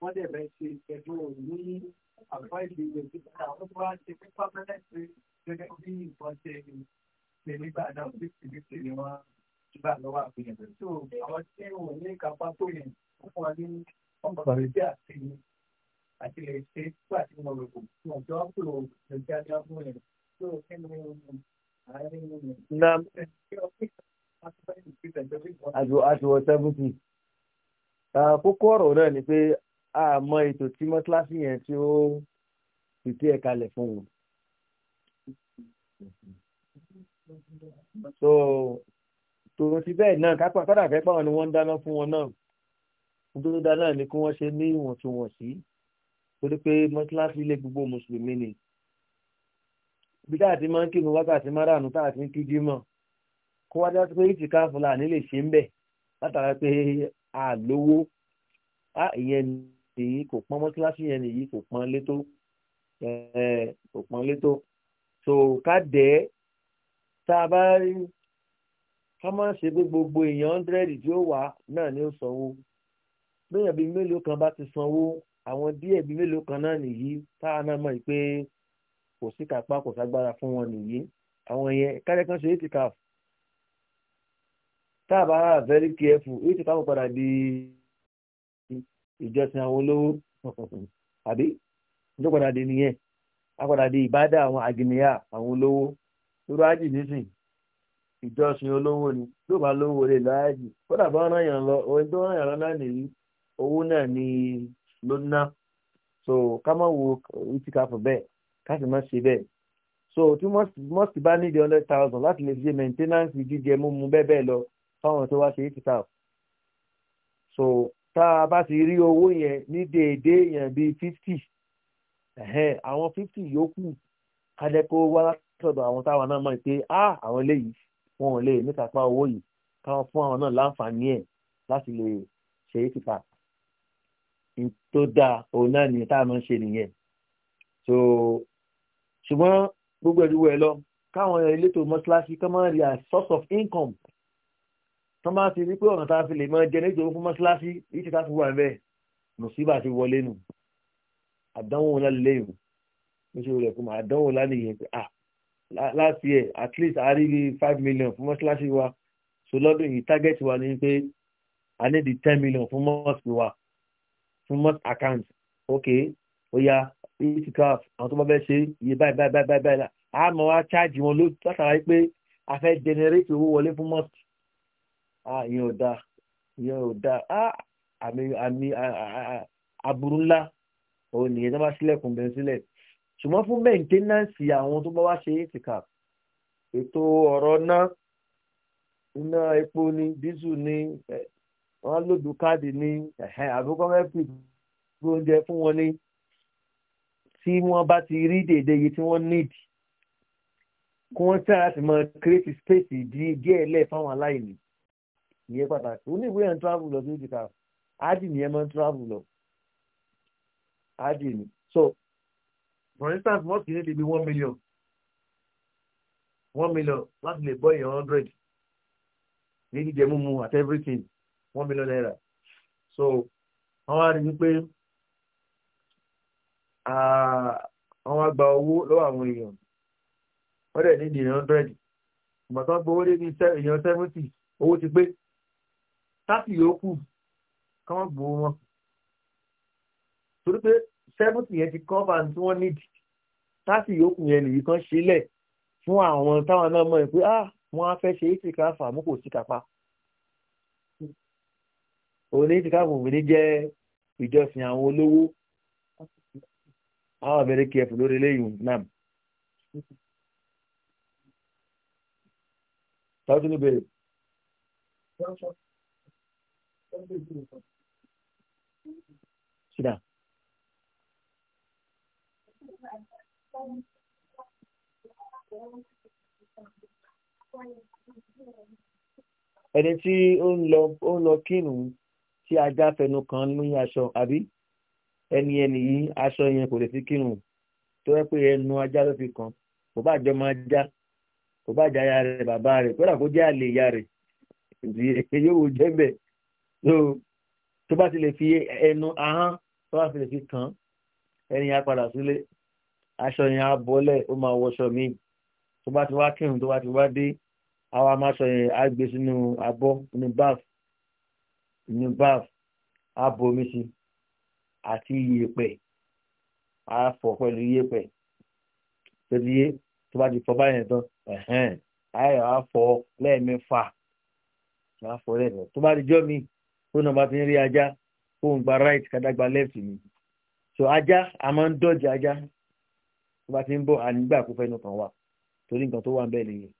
wọ́n dẹ̀ bẹ́ẹ̀ ṣe ìṣẹ́jú ní àgbáyé ìlú ìgbà àwọn tó wá ṣe fún pámẹ́lẹ́sì gẹ́gẹ́ bí nǹkan ṣe ṣe nígbà náà bí fìdíṣì ni wọ́n gbà so àwọn tí wọn ní kápá tó yẹn wọ́n ní àti lè ṣe fún àti mọ̀ rògbò mọ̀ tó wá pè ó lè já ní ọdún rẹ̀ tó o kí ni àárín rẹ̀. nam àti wọ sẹ́fúntì kókó ọ̀rọ̀ náà ni pé a mọ ètò tí mọ́tíláṣí yẹn tí ó fìtí ẹ̀ kalẹ̀ fún wọn. so tòun ti bẹ́ẹ̀ náà kápá kọ́dà fẹ́ pàwọn ni wọ́n ń dáná fún wọn náà nítorí dáná ni kí wọ́n ṣe ní ìwọ̀ntúnwọ̀nsí torí pé mọ́ṣáláṣí ilé gbogbo mùsùlùmí ni bí táà ti máa ń kírun wákàtí márùn-ún táà ti ń kí jímọ̀ kó wájú àti pé ìtìká fúlàní lè ṣe ń bẹ̀ látara pé àlówó á ìyẹn nìyí kò pọ́n mọ́ṣáláṣí yẹn nìyí kò pọ́n létó kò pọ́n létó so ká dẹ̀ tá a bá rí ká má ṣe pé gbogbo èèyàn hundred tí ó wà náà ni ó sanwó lóyìn bíi mélòó kan bá ti sanwó àwọn díẹ̀ bíi mélòó kan náà nìyí táwa náà mọ̀ pé kò sí kápá kò ságbára fún wọn nìyí àwọn yẹn kárẹ́ kan ṣe é ti ká táàbà rà very careful èyí ti káwọn padà di ìjọsìn àwọn olówó (laughs) àbí ìjọ padà di nìyẹn a padà di ìbádà àwọn àgìnìyà àwọn olówó lórí ájì nísìn ìjọsìn olówó ni ló bá lówó lè láàjì kódà bá ràn yàn lọ ohun tó ràn yàn lọ náà nìyí owó náà ni ló ná so ká má wo ìtìkáfù bẹ́ẹ̀ ká sì má ṣe bẹ́ẹ̀ so tí mọ́sì bá ní di hundred thousand láti lè fi ṣe maintenance jíjẹ múmu bẹ́ẹ̀ bẹ́ẹ̀ lọ fáwọn tó wá ṣe ìtìkáfù so tá a bá ti rí owó yẹn ní déédéé yẹn bíi fifty àwọn fifty yòókù kádẹ́kọ́ wá látọ̀dọ̀ àwọn táwọn náà mọ̀ pé àwọn eléyìí wọn ò lè níta pa owó yìí káwọn fún àwọn náà láǹfààní ẹ̀ láti lè ṣe é tìkáfù tó dáa òun náà nìyẹn tá a máa ń ṣe nìyẹn so ṣùgbọ́n gbogbo ẹ̀dúgbò ẹ̀ lọ káwọn elétò mọ́ṣáláṣí kọ́ máa rí as source of income tó máa ti rí pé ọ̀nà tá a fi lè máa jẹ nítorí fún mọ́ṣáláṣí yìí ti ká fi wà ń bẹ́ẹ̀ mùsíbà ti wọlé nù àdánwò ńlá níṣẹ́ rẹ̀ kó máa àdánwò ńlá pé ah last year at least a rí five million fún mọ́ṣáláṣí wa so lọ́dún yìí target wa ni pé a ní di ten million fún mọ́ṣáláṣí wa summat account okay. ó yá itikaf àwọn tó bá fẹ́ ṣe iye báyìí báyìí báyìí báyìí báyìí a mọ̀ wá chájì wọn ló látara pé a fẹ́ generate owó wọlé fún mosque ah ìyẹn ò dáa ìyẹn ò dáa ah àmì àmì aburú ńlá òun nìyẹn tó bá sílẹ̀kùn bẹ̀rẹ̀ sílẹ̀ ṣùgbọ́n fún mẹ́ǹtẹ́nánsì àwọn tó bá wá ṣe itikaf ètò ọ̀rọ̀ náà iná epo ni dísù ni wọ́n lòdù káàdì ní àbúkọ́ mẹ́fì oúnjẹ fún wọn ní tí wọ́n bá ti rí dèdè iye tí wọ́n níìdì kí wọ́n tẹ́ láti mọ kírètì spéèsì díẹ̀ lẹ̀ fáwọn aláìní ìyẹn pàtàkì ó ní ìwé yẹn ń travel lọ sí ìdíkà áàdì ni ẹ máa ń travel lọ áàdì ni so for instance wọ́n kì í níbi one million one million láti lè bọ́ èèyàn hundred ní jíjẹ múmu at everything one million naira so wọ́n wá rí wípé wọ́n wá gba owó lọ́wọ́ àwọn èèyàn wọ́n dẹ̀ nídìí hundred ìgbà tó ń gbowó dé ní èèyàn seventy owó ti pé thirty yòókù kí wọ́n gbowó wọn torí pé seventy yẹn ti cover tí wọ́n nídìí thirty yòókù yẹn nìyí kan ṣílẹ̀ fún àwọn táwọn náà mọ̀ pé ah wọ́n á fẹ́ ṣe é sì ká fà mú kò sí kápá òun ní ìtìkáàfù mi ní jẹ́ ìjọsìn àwọn olówó àwọn àbẹ̀rẹ̀ kẹfù lórí eléyìí náà. tọ́jú ní bèrè. Sida. Ẹni tí ó ń lọ kínú tí ajá fẹnu kan ní aṣọ àbí ẹni ẹni yìí aṣọ yẹn kò lè fi kírun tó yẹ pé ẹnu ajá ló fi kan kò bá jọ máa já kò bá já ya rẹ bàbá rẹ kódà kó jẹ́ àlè ìyá rẹ èyí yóò jẹ́ bẹ̀ tó bá ti lè fi ẹnu ahọ́n tó bá ti lè fi kàn ẹni yẹn á padà sílé aṣọ yẹn á bọ́lẹ̀ ó máa wọṣọ míì tó bá ti wá kírun tó bá ti wá dé àwa máa sọ yẹn á gbé sínú abọ́ ní báàfù ní báf á bomi sí àti iyẹ̀pẹ̀ á fọ pẹ̀lú iyẹ̀pẹ̀ pẹ̀lú iye tó bá ti fọ báyẹn tán ẹ̀hẹ́n ayọ̀ á fọ lẹ́ẹ̀mẹ́fà á fọ lẹ́ẹ̀mẹ́fà tó bá ti jọ́ mi tó náà bá ti ń rí ajá kó ń gba right kádàgbà left mi so ajá a máa ń dọ̀jẹ̀ ajá tó bá ti ń bọ̀ ànígbà kó fẹ́ nù kàn torí nǹkan tó wà ń bẹ́ẹ̀ nìyẹn.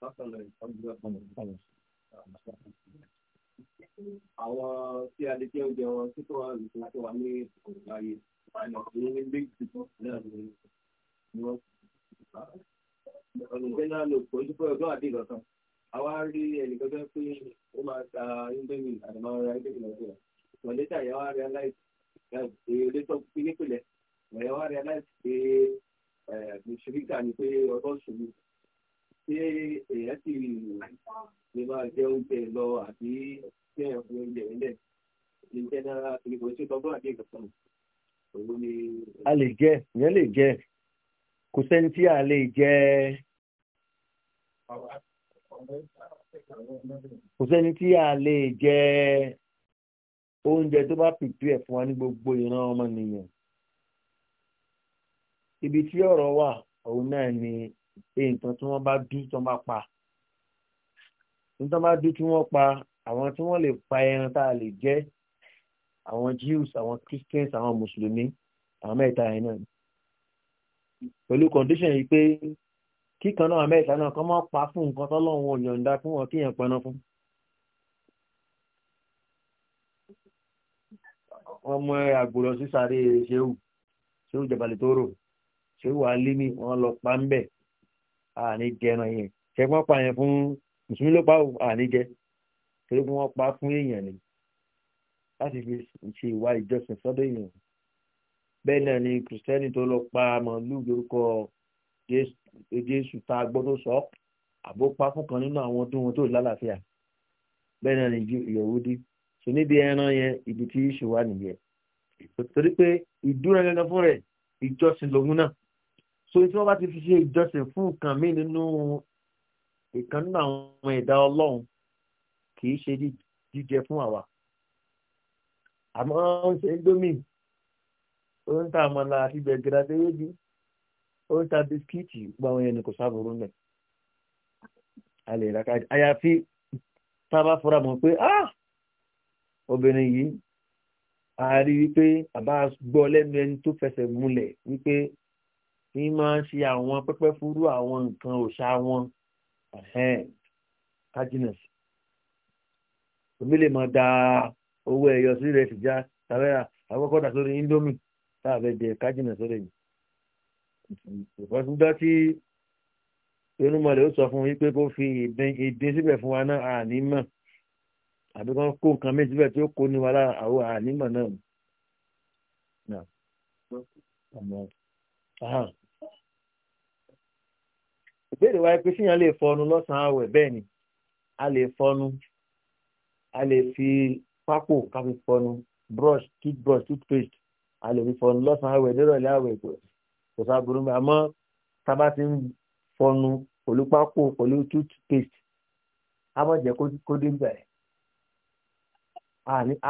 àwọn tí a lè jẹ́ oúnjẹ wọn tí tó wà lùkùn láti wà ní ọ̀gbà ayé àìmọ̀ tó ní bí ìdìbò náà ni wọ́n ọ̀nùgbẹ́ náà lò pé ojú pé ọjọ́ àdé ìgbọ̀nsán àwa rí ẹnìkan fẹ́ pé ó máa ta indomie àdàmọ́ ara indomie lọ́sẹ̀ rẹ̀ mọ̀lẹ́tà yà wá realize èlé tó fi nípìnlẹ̀ mọ̀lẹ́wà realize pé mùsùlùmí kà ní pé ọdún ṣùgbọ́n ṣé èèyàn sì lè máa jẹ oúnjẹ lọ àbí ṣé èèyàn fi oúnjẹ nílẹ̀ ní jẹ́nẹ́rà ìbò ṣe tọ́gbọ́n àti ìgbàkan òun ni. a lè jẹ ìyẹn lè jẹ kò sẹ́ni tí a lè jẹ kò sẹ́ni tí a lè jẹ oúnjẹ tó bá pìpì ẹ̀ fún wa ní gbogbo ìran ọmọnìyàn ibi tí ọ̀rọ̀ wà òun náà ni nǹkan tí wọ́n bá dú tí wọ́n bá pa nítorí wọ́n bá dú tí wọ́n pa àwọn tí wọ́n lè pa ẹran tá a lè jẹ àwọn Jews àwọn Christians àwọn Mùsùlùmí àwọn mẹ́ta yẹn náà pẹ̀lú condition yìí pé kíkan náà mẹ́ta náà kọ́ máa pa fún nǹkan tọ́lọ́run òyìnbá fún wọn kíyàn pẹ̀nà fún. wọ́n mú àgbòrò sísáré ṣéwù ṣéwù jàbálẹ̀ tó rò ṣéwù alímì wọ́n lọ pa ń bẹ̀ àní jẹ ẹran yẹn ṣẹgbọn pa yẹn fún mùsùlùmí ló pa ò àní jẹ torí pé wọn pa fún èèyàn ni láti fi ṣe ìwà ìjọsìn sọ́dọ̀ èèyàn bẹ́ẹ̀ náà ni kìrìsìtẹ́nì tó lọ pa màálù lórúkọ jésù tá a gbọ́dọ̀ sọ àbó pa fún kan nínú àwọn ọdún wọn tó lálàáfíà bẹ́ẹ̀ náà ni yòówúdí so níbi ẹran yẹn ibi tí yíṣu wà nìyẹn torí pé ìdúró ẹgbẹ́ fún rẹ̀ ìjọsìn lòun náà so tí wọ́n bá ti fi ṣe ìjọsìn fún nǹkan mí nínú ìkan nínú àwọn ẹ̀dá ọlọ́run kì í ṣe jíjẹ fún àwa àmọ́ ó ń ṣe indomie ó ń ta àmàlà àti gbẹ̀gẹ̀dà tó yé jù ó ń ta bisikíìtì gbọ́ àwọn ẹni kò sábòrò mẹ́ a lè ra káàdì àyàfi tá a bá fura mọ̀ pé ah obìnrin yìí a rí wípé àbá gbọ́ lẹ́nu ẹni tó fẹsẹ̀ múlẹ̀ wípé ní máa ń ṣe àwọn pẹ́pẹ́ fúrú àwọn nǹkan òṣà wọn kájínẹ̀sì omi lè máa da owó ẹyọ sí rẹ̀ sìjá tàbẹ́rà àkọ́kọ́ dà sórí indomie tàbẹ́ jẹ kájínẹ̀sì rẹ̀ yìí ìfọ́súndá tí onímọ̀lẹ̀ ó sọ fún yí pé kó fi ìdín síbẹ̀ fún wa náà ànímọ̀ àbí kan kó nǹkan méjì síbẹ̀ tí ó kó ní wa lára àwọn ànímọ̀ náà ìbéèrè wa pé síyàn lè fọnu lọ́sàn-án àwẹ̀ bẹ́ẹ̀ ni a lè fọnu a lè fi pákó ká fi fọnu brush toothbrush toothpaste a lè fi fọnu lọ́sàn-án àwẹ̀ nírọ̀lẹ́ àwẹ̀ kò sá burú mi àmọ́ tá a bá ti ń fọnu pẹ̀lú pákó pẹ̀lú toothpaste a má jẹ́ kó dé bẹ̀rẹ̀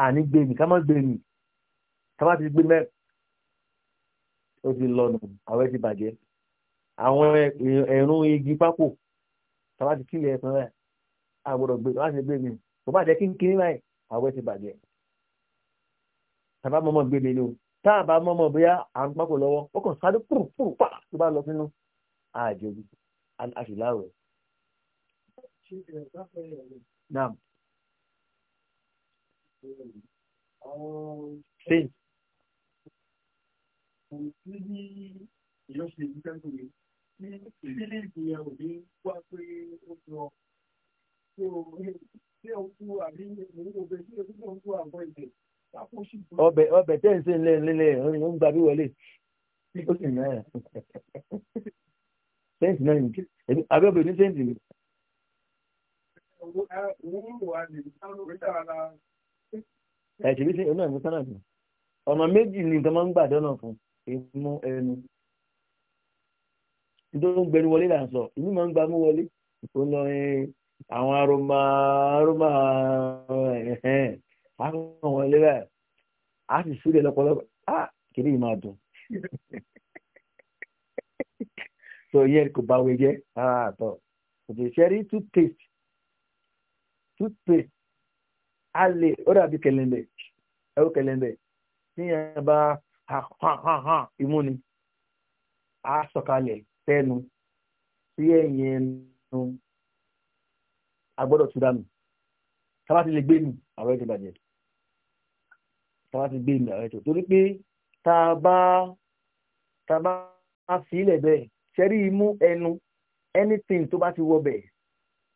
àní gbèmí ká má gbèmí ká má ti gbé mẹ́rin ó ti lọ́nu àwẹ̀ ti bàjẹ́ àwọn ẹ̀rún igi pákó tàbá ti kílẹ̀ ẹ̀sán rẹ̀ àgbọ̀dọ̀ gbé tàbá ti gbé mi kò bá jẹ́ kí n kiri báyìí àwẹ̀ ti bàjẹ́ tàbá mọ́mọ́ gbé mi ni o táàbà mọ́mọ́ bóyá à ń pákó lọ́wọ́ ó kàn sáré pùrùpùrù pa tó bá lọ sínú àjòjì àṣìláwẹ̀. Naam. Sim. Ìyọ́sìn ìdíkẹ́ ní fílíìpù yẹn ò ní wá pé ó lọ tí o tí o kú àbí òbẹ tí o tí o kú àbọ̀ ìdè lápòṣì. ọbẹ̀ ọbẹ̀ tẹ́ ń sè ń lé nílé ń gba bí wọlé ó sì náà sẹ́ǹtì eh, náà nìyí abẹ́ òbẹ̀ ní sẹ́ǹtì nìyí. Ẹ̀sìn bí sẹ́yìn náà ń sánà Ọ̀nà méjì ni nǹkan máa ń gbà dọ́nà fún. Èmi ẹnu nítorí ń gbẹnu wọlé là ń sọ ìlú máa ń gbamú wọlé ó lọ àwọn aroma aroma àwọn wọlé báyìí a sì sílẹ̀ lọ́pọ̀lọpọ̀ a kìíní yìí máa dùn (laughs) so ìyẹn kò bá wẹ jẹ́ àtọ̀ òtò ìṣẹ́rí toothpaste toothpaste a lè ó dàbí kẹlẹ́mbẹ̀ ẹ̀rọ kẹlẹ́mbẹ̀ tí yẹn bá ha ha ha imú ni a sọ̀kalẹ̀ sẹ́nu sí ẹ̀yìn ẹnu agbọ́dọ̀ tú dànù tábà ti lè gbé nù àwọn ètò ìbàjẹ́ tábà ti gbé nù àwọn ètò torí pé tá a fi ilẹ̀ bẹ́ẹ̀ ṣẹ́rí imú ẹnu anything tó bá ti wọ bẹ̀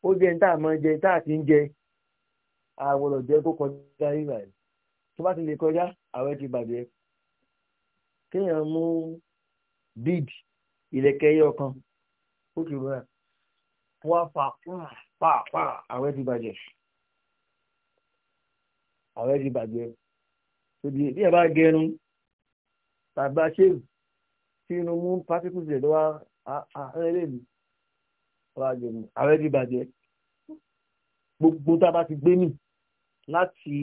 ó jẹ́ ní tá a máa jẹ tá a ti ń jẹ àwọ̀lọ̀ jẹ́ kó kọjá ìgbà yìí tó bá ti lè kọjá àwẹ̀ ti bàjẹ́ kéèyàn mú bíìdì ìlẹ̀kẹ̀ ẹyọ kan ó kì í bọ́ra wá fa pàápàá àwẹ̀ ti bàjẹ́ àwẹ̀ ti bàjẹ́ òdì bí ẹ bá gẹrun tàbí aṣèlú tí inú mú particles rẹ̀ lọ́wọ́ àárẹ̀lẹ́nu àwẹ̀ ti bàjẹ́ gbogbo tá a bá ti gbé mì láti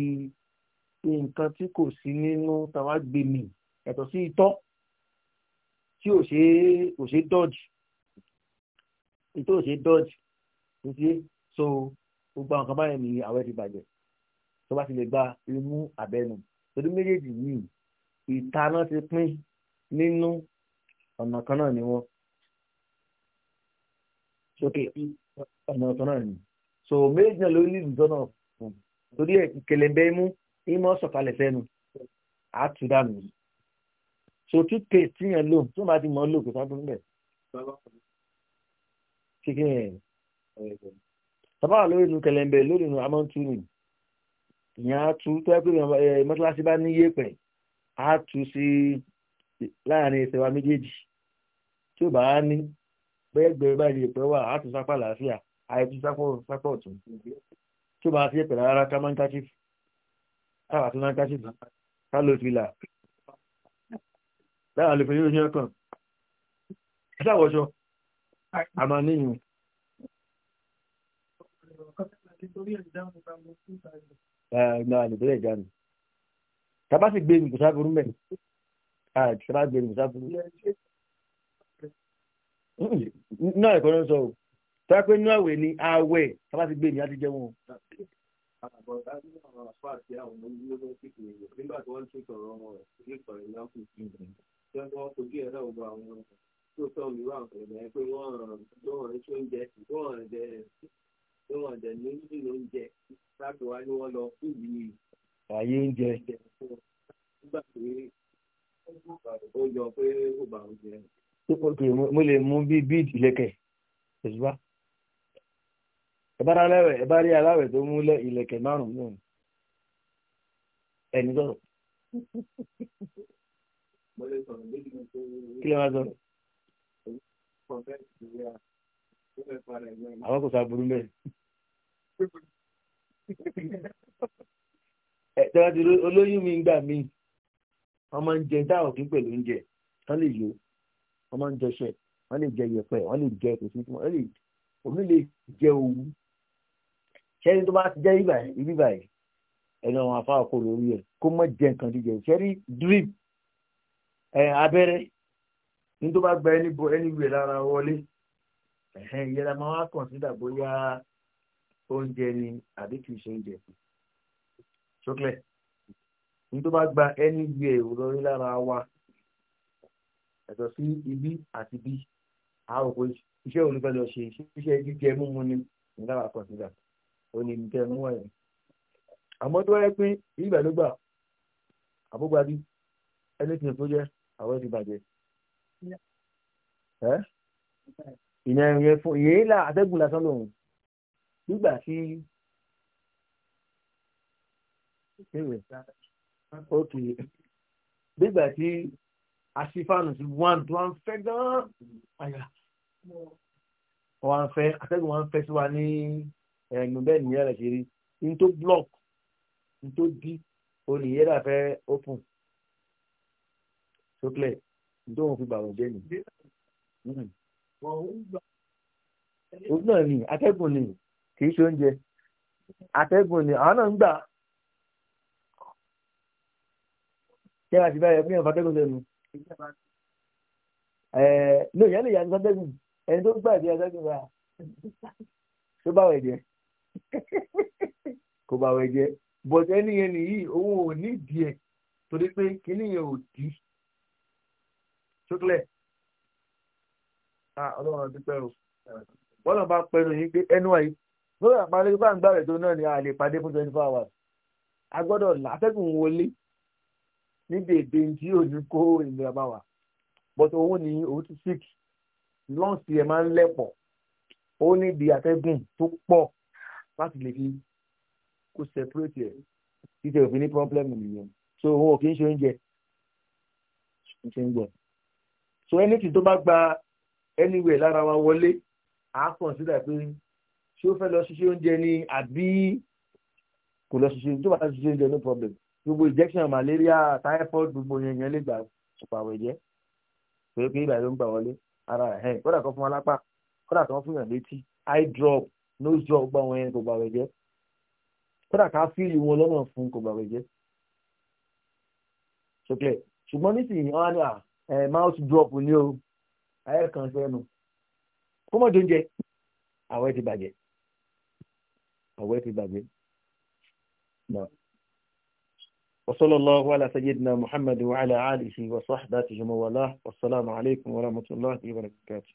nǹkan tí kò sí nínú tá a wá gbé mì yàtọ̀ sí itọ́ tí ò ṣe ò ṣe dọ́jì ètò ò ṣe dọ́jì tó ṣe so gbogbo àwọn kan báyìí ni àwẹ̀ ti bàjẹ́ tó bá ti lè gba imú abẹ́nu torí méjèèjì yìí ìtaná ti pín nínú ọ̀nà kan náà ni wọ́n sókè ọ̀nà kan náà ni so méjèèjì náà ló ní ìdùnnà torí ẹ̀ kẹlẹ̀bẹ́ imú imú sọ̀kalẹ̀ fẹ́nu àtúndà nìyí so toothpaste tí yẹn lò tó bá ti mọ lò kò sábúrú bẹ̀. kíkẹ́ yẹn sábà lórí inú kẹlẹ́mbẹ̀ lórí inú amọ́ntú ni ìyẹn á tú tó yẹ pé mọ́tíláṣí bá ní yépẹ̀ á tú sí láàrin ìfẹ́ wa méjèèjì tí ò bá ní bẹ́ẹ̀ gbẹ̀rẹ̀ báyìí ìpẹ́ wà á tú sápá làáfíà Tu sápá ọ̀tún tí ò bá sí ìpẹ̀lẹ̀ rárá ká máa ń káṣífù káwà tó máa ń káṣífù ká ló fi là lára lè fi yóò ṣe ọkàn ìṣàwọ̀ṣọ́ àmà níyìn náà lè bẹ̀rẹ̀ ìjánu tàbá sì gbé nìkùsá burú mẹ́rin tàbá gbé nìkùsá burú náà ẹ̀kọ́ náà sọ ò tàbá pé náà wè ní ààwẹ̀ tàbá sì gbé ní àti jẹun Nígbà jẹ́ kó fojú ẹ̀ náà gba àwọn tó sọ òmìnira àǹfààní ẹ̀ pé wọ́n lọ́wọ́n tó ń jẹ lọ́wọ́n jẹ lọ́wọ́n jẹ ní oúnjẹ láti wá ní wọ́n lọ fún ìlú ayé oúnjẹ nígbà pé ó yọ pé ó bá oúnjẹ. ok mo lè mú bí bíi ìlẹ̀kẹ̀ ìṣúwà ẹ bá aláwẹ̀ ẹ bá rí aláwẹ̀ tó mú ìlẹ̀kẹ̀ márùn-ún ẹni sọ̀rọ̀ kí lè máa sọ̀rọ̀ àwọn kò sábúrú mẹ́rin ẹ̀tẹ́wọ́n ti olóyún mi gbà mí wọ́n máa ń jẹ dáhùn kí pẹ̀lú oúnjẹ wọ́n lè yó wọ́n máa ń jẹṣẹ̀ wọ́n lè jẹ yẹ̀pẹ̀ wọ́n lè jẹ kò sí wọ́n lè omi lè jẹ òwú ṣẹ́ni tó bá ti jẹ́ ibà ibi báyìí ẹ̀nà àwọn afáàkó lórí ẹ̀ kó mọ̀ jẹ nǹkan jíjẹ ṣẹ́ni drip abẹ́rẹ́ ní tó bá gba ẹni bọ ẹni wẹ̀ lára wọlé ìyẹra máa wá kàn sídà bóyá oúnjẹ ni àbí kì í ṣe oúnjẹ ṣókè ní bá gba ẹni wẹ̀ lórí lára wa ẹ̀tọ́ sí ibi àti bí àwọn òkú iṣẹ́ olùfẹ́ lọ ṣe iṣẹ́ jíjẹ múmu ni ìlára kan sídà ó ní ìdíjẹ ẹnu wọ̀nyí àmọ́ tó wáyé pé ìgbà ló gbà àbúgbàdì ẹni tó jẹ́ àwẹ̀ ti bàjẹ́ ẹ́ ìyẹn ìyẹn fún yéé là la lásán lòun nígbà tí ok nígbà tí aṣífàánù sí one tó ń fẹ́ gan-an àyà wọ́n fẹ́ atẹ́gùn wọn fẹ́ sí wa ní ẹnu bẹ́ẹ̀ nìyẹn rẹ̀ ṣe rí ní tó block ní tó dí olùyẹ́dà fẹ́ open sókè tó wọn fi bàwọn jẹ ni. Hmm. òun náà ni atẹ́gùn ni kì í ṣe oúnjẹ atẹ́gùn ni àwọn náà ń gbà. ṣé àti báyọ̀ pé èèyàn fàtẹ́gùn lẹ́nu. ní òyìn lè yà ní fàtẹ́gùn ẹni tó gbà ìdí atẹ́gùn rà tó bá wẹ̀ jẹ́ kò bá wẹ̀ jẹ́ bọ̀dẹ́ni yẹn nìyí òun ò ní ìdí ẹ̀ torí pé kíní yẹn ò dí ṣókìlẹ̀ ah, ọlọ́run ọdún pẹ́ o bọ́lá bá pẹ́nu yìí pé ẹnu àyè lórí àpárẹ́ bá ń gbà rẹ̀ tó náà ni a lè pàdé fún twenty four hours a gbọ́dọ̀ látẹ́kùn wọlé níbi èdè tí ò ní kó ìnira bá wà bọ́tù owó ni owó ti sick lọ́ọ̀sì ẹ̀ máa ń lẹ́pọ̀ ó ní ibi àtẹ́gùn tó pọ̀ láti lè fi kó separate ẹ̀ títẹ̀ òfin ní problem nìyẹn so owó kì í ṣe oúnjẹ kì í ṣe so anything tó bá gba anywhere lára wa wọlé à consider pé ṣé ó fẹ́ lọ ṣiṣẹ́ oúnjẹ ni àbí kò lọ ṣiṣẹ́ tó bá ṣiṣẹ́ oúnjẹ no problem gbogbo injection malaria typhoid gbogbo yẹn yẹn lè gbà pàwọ̀ jẹ́ pé pé ibà ló ń gbà wọlé ara ẹ̀ kódà kan fún wa lápá kódà kan fún yàn létí eye drop nose drop gbà wọn yẹn kò gbà wẹ̀ jẹ́ kódà ká fíìlì wọn lọ́nà fún kò gbà wẹ̀ jẹ́ sókè ṣùgbọ́n nísìnyí wọn á ní à ah, ẹ̀ mouth drop ni o ayé kan sẹ́nu kó mọ̀ tó ń jẹ àwẹ̀ ti bàjẹ́ àwẹ̀ ti bàjẹ́ náà. وصلى الله على سيدنا محمد وعلى آله وصحبه ومن والاه والسلام عليكم ورحمة الله وبركاته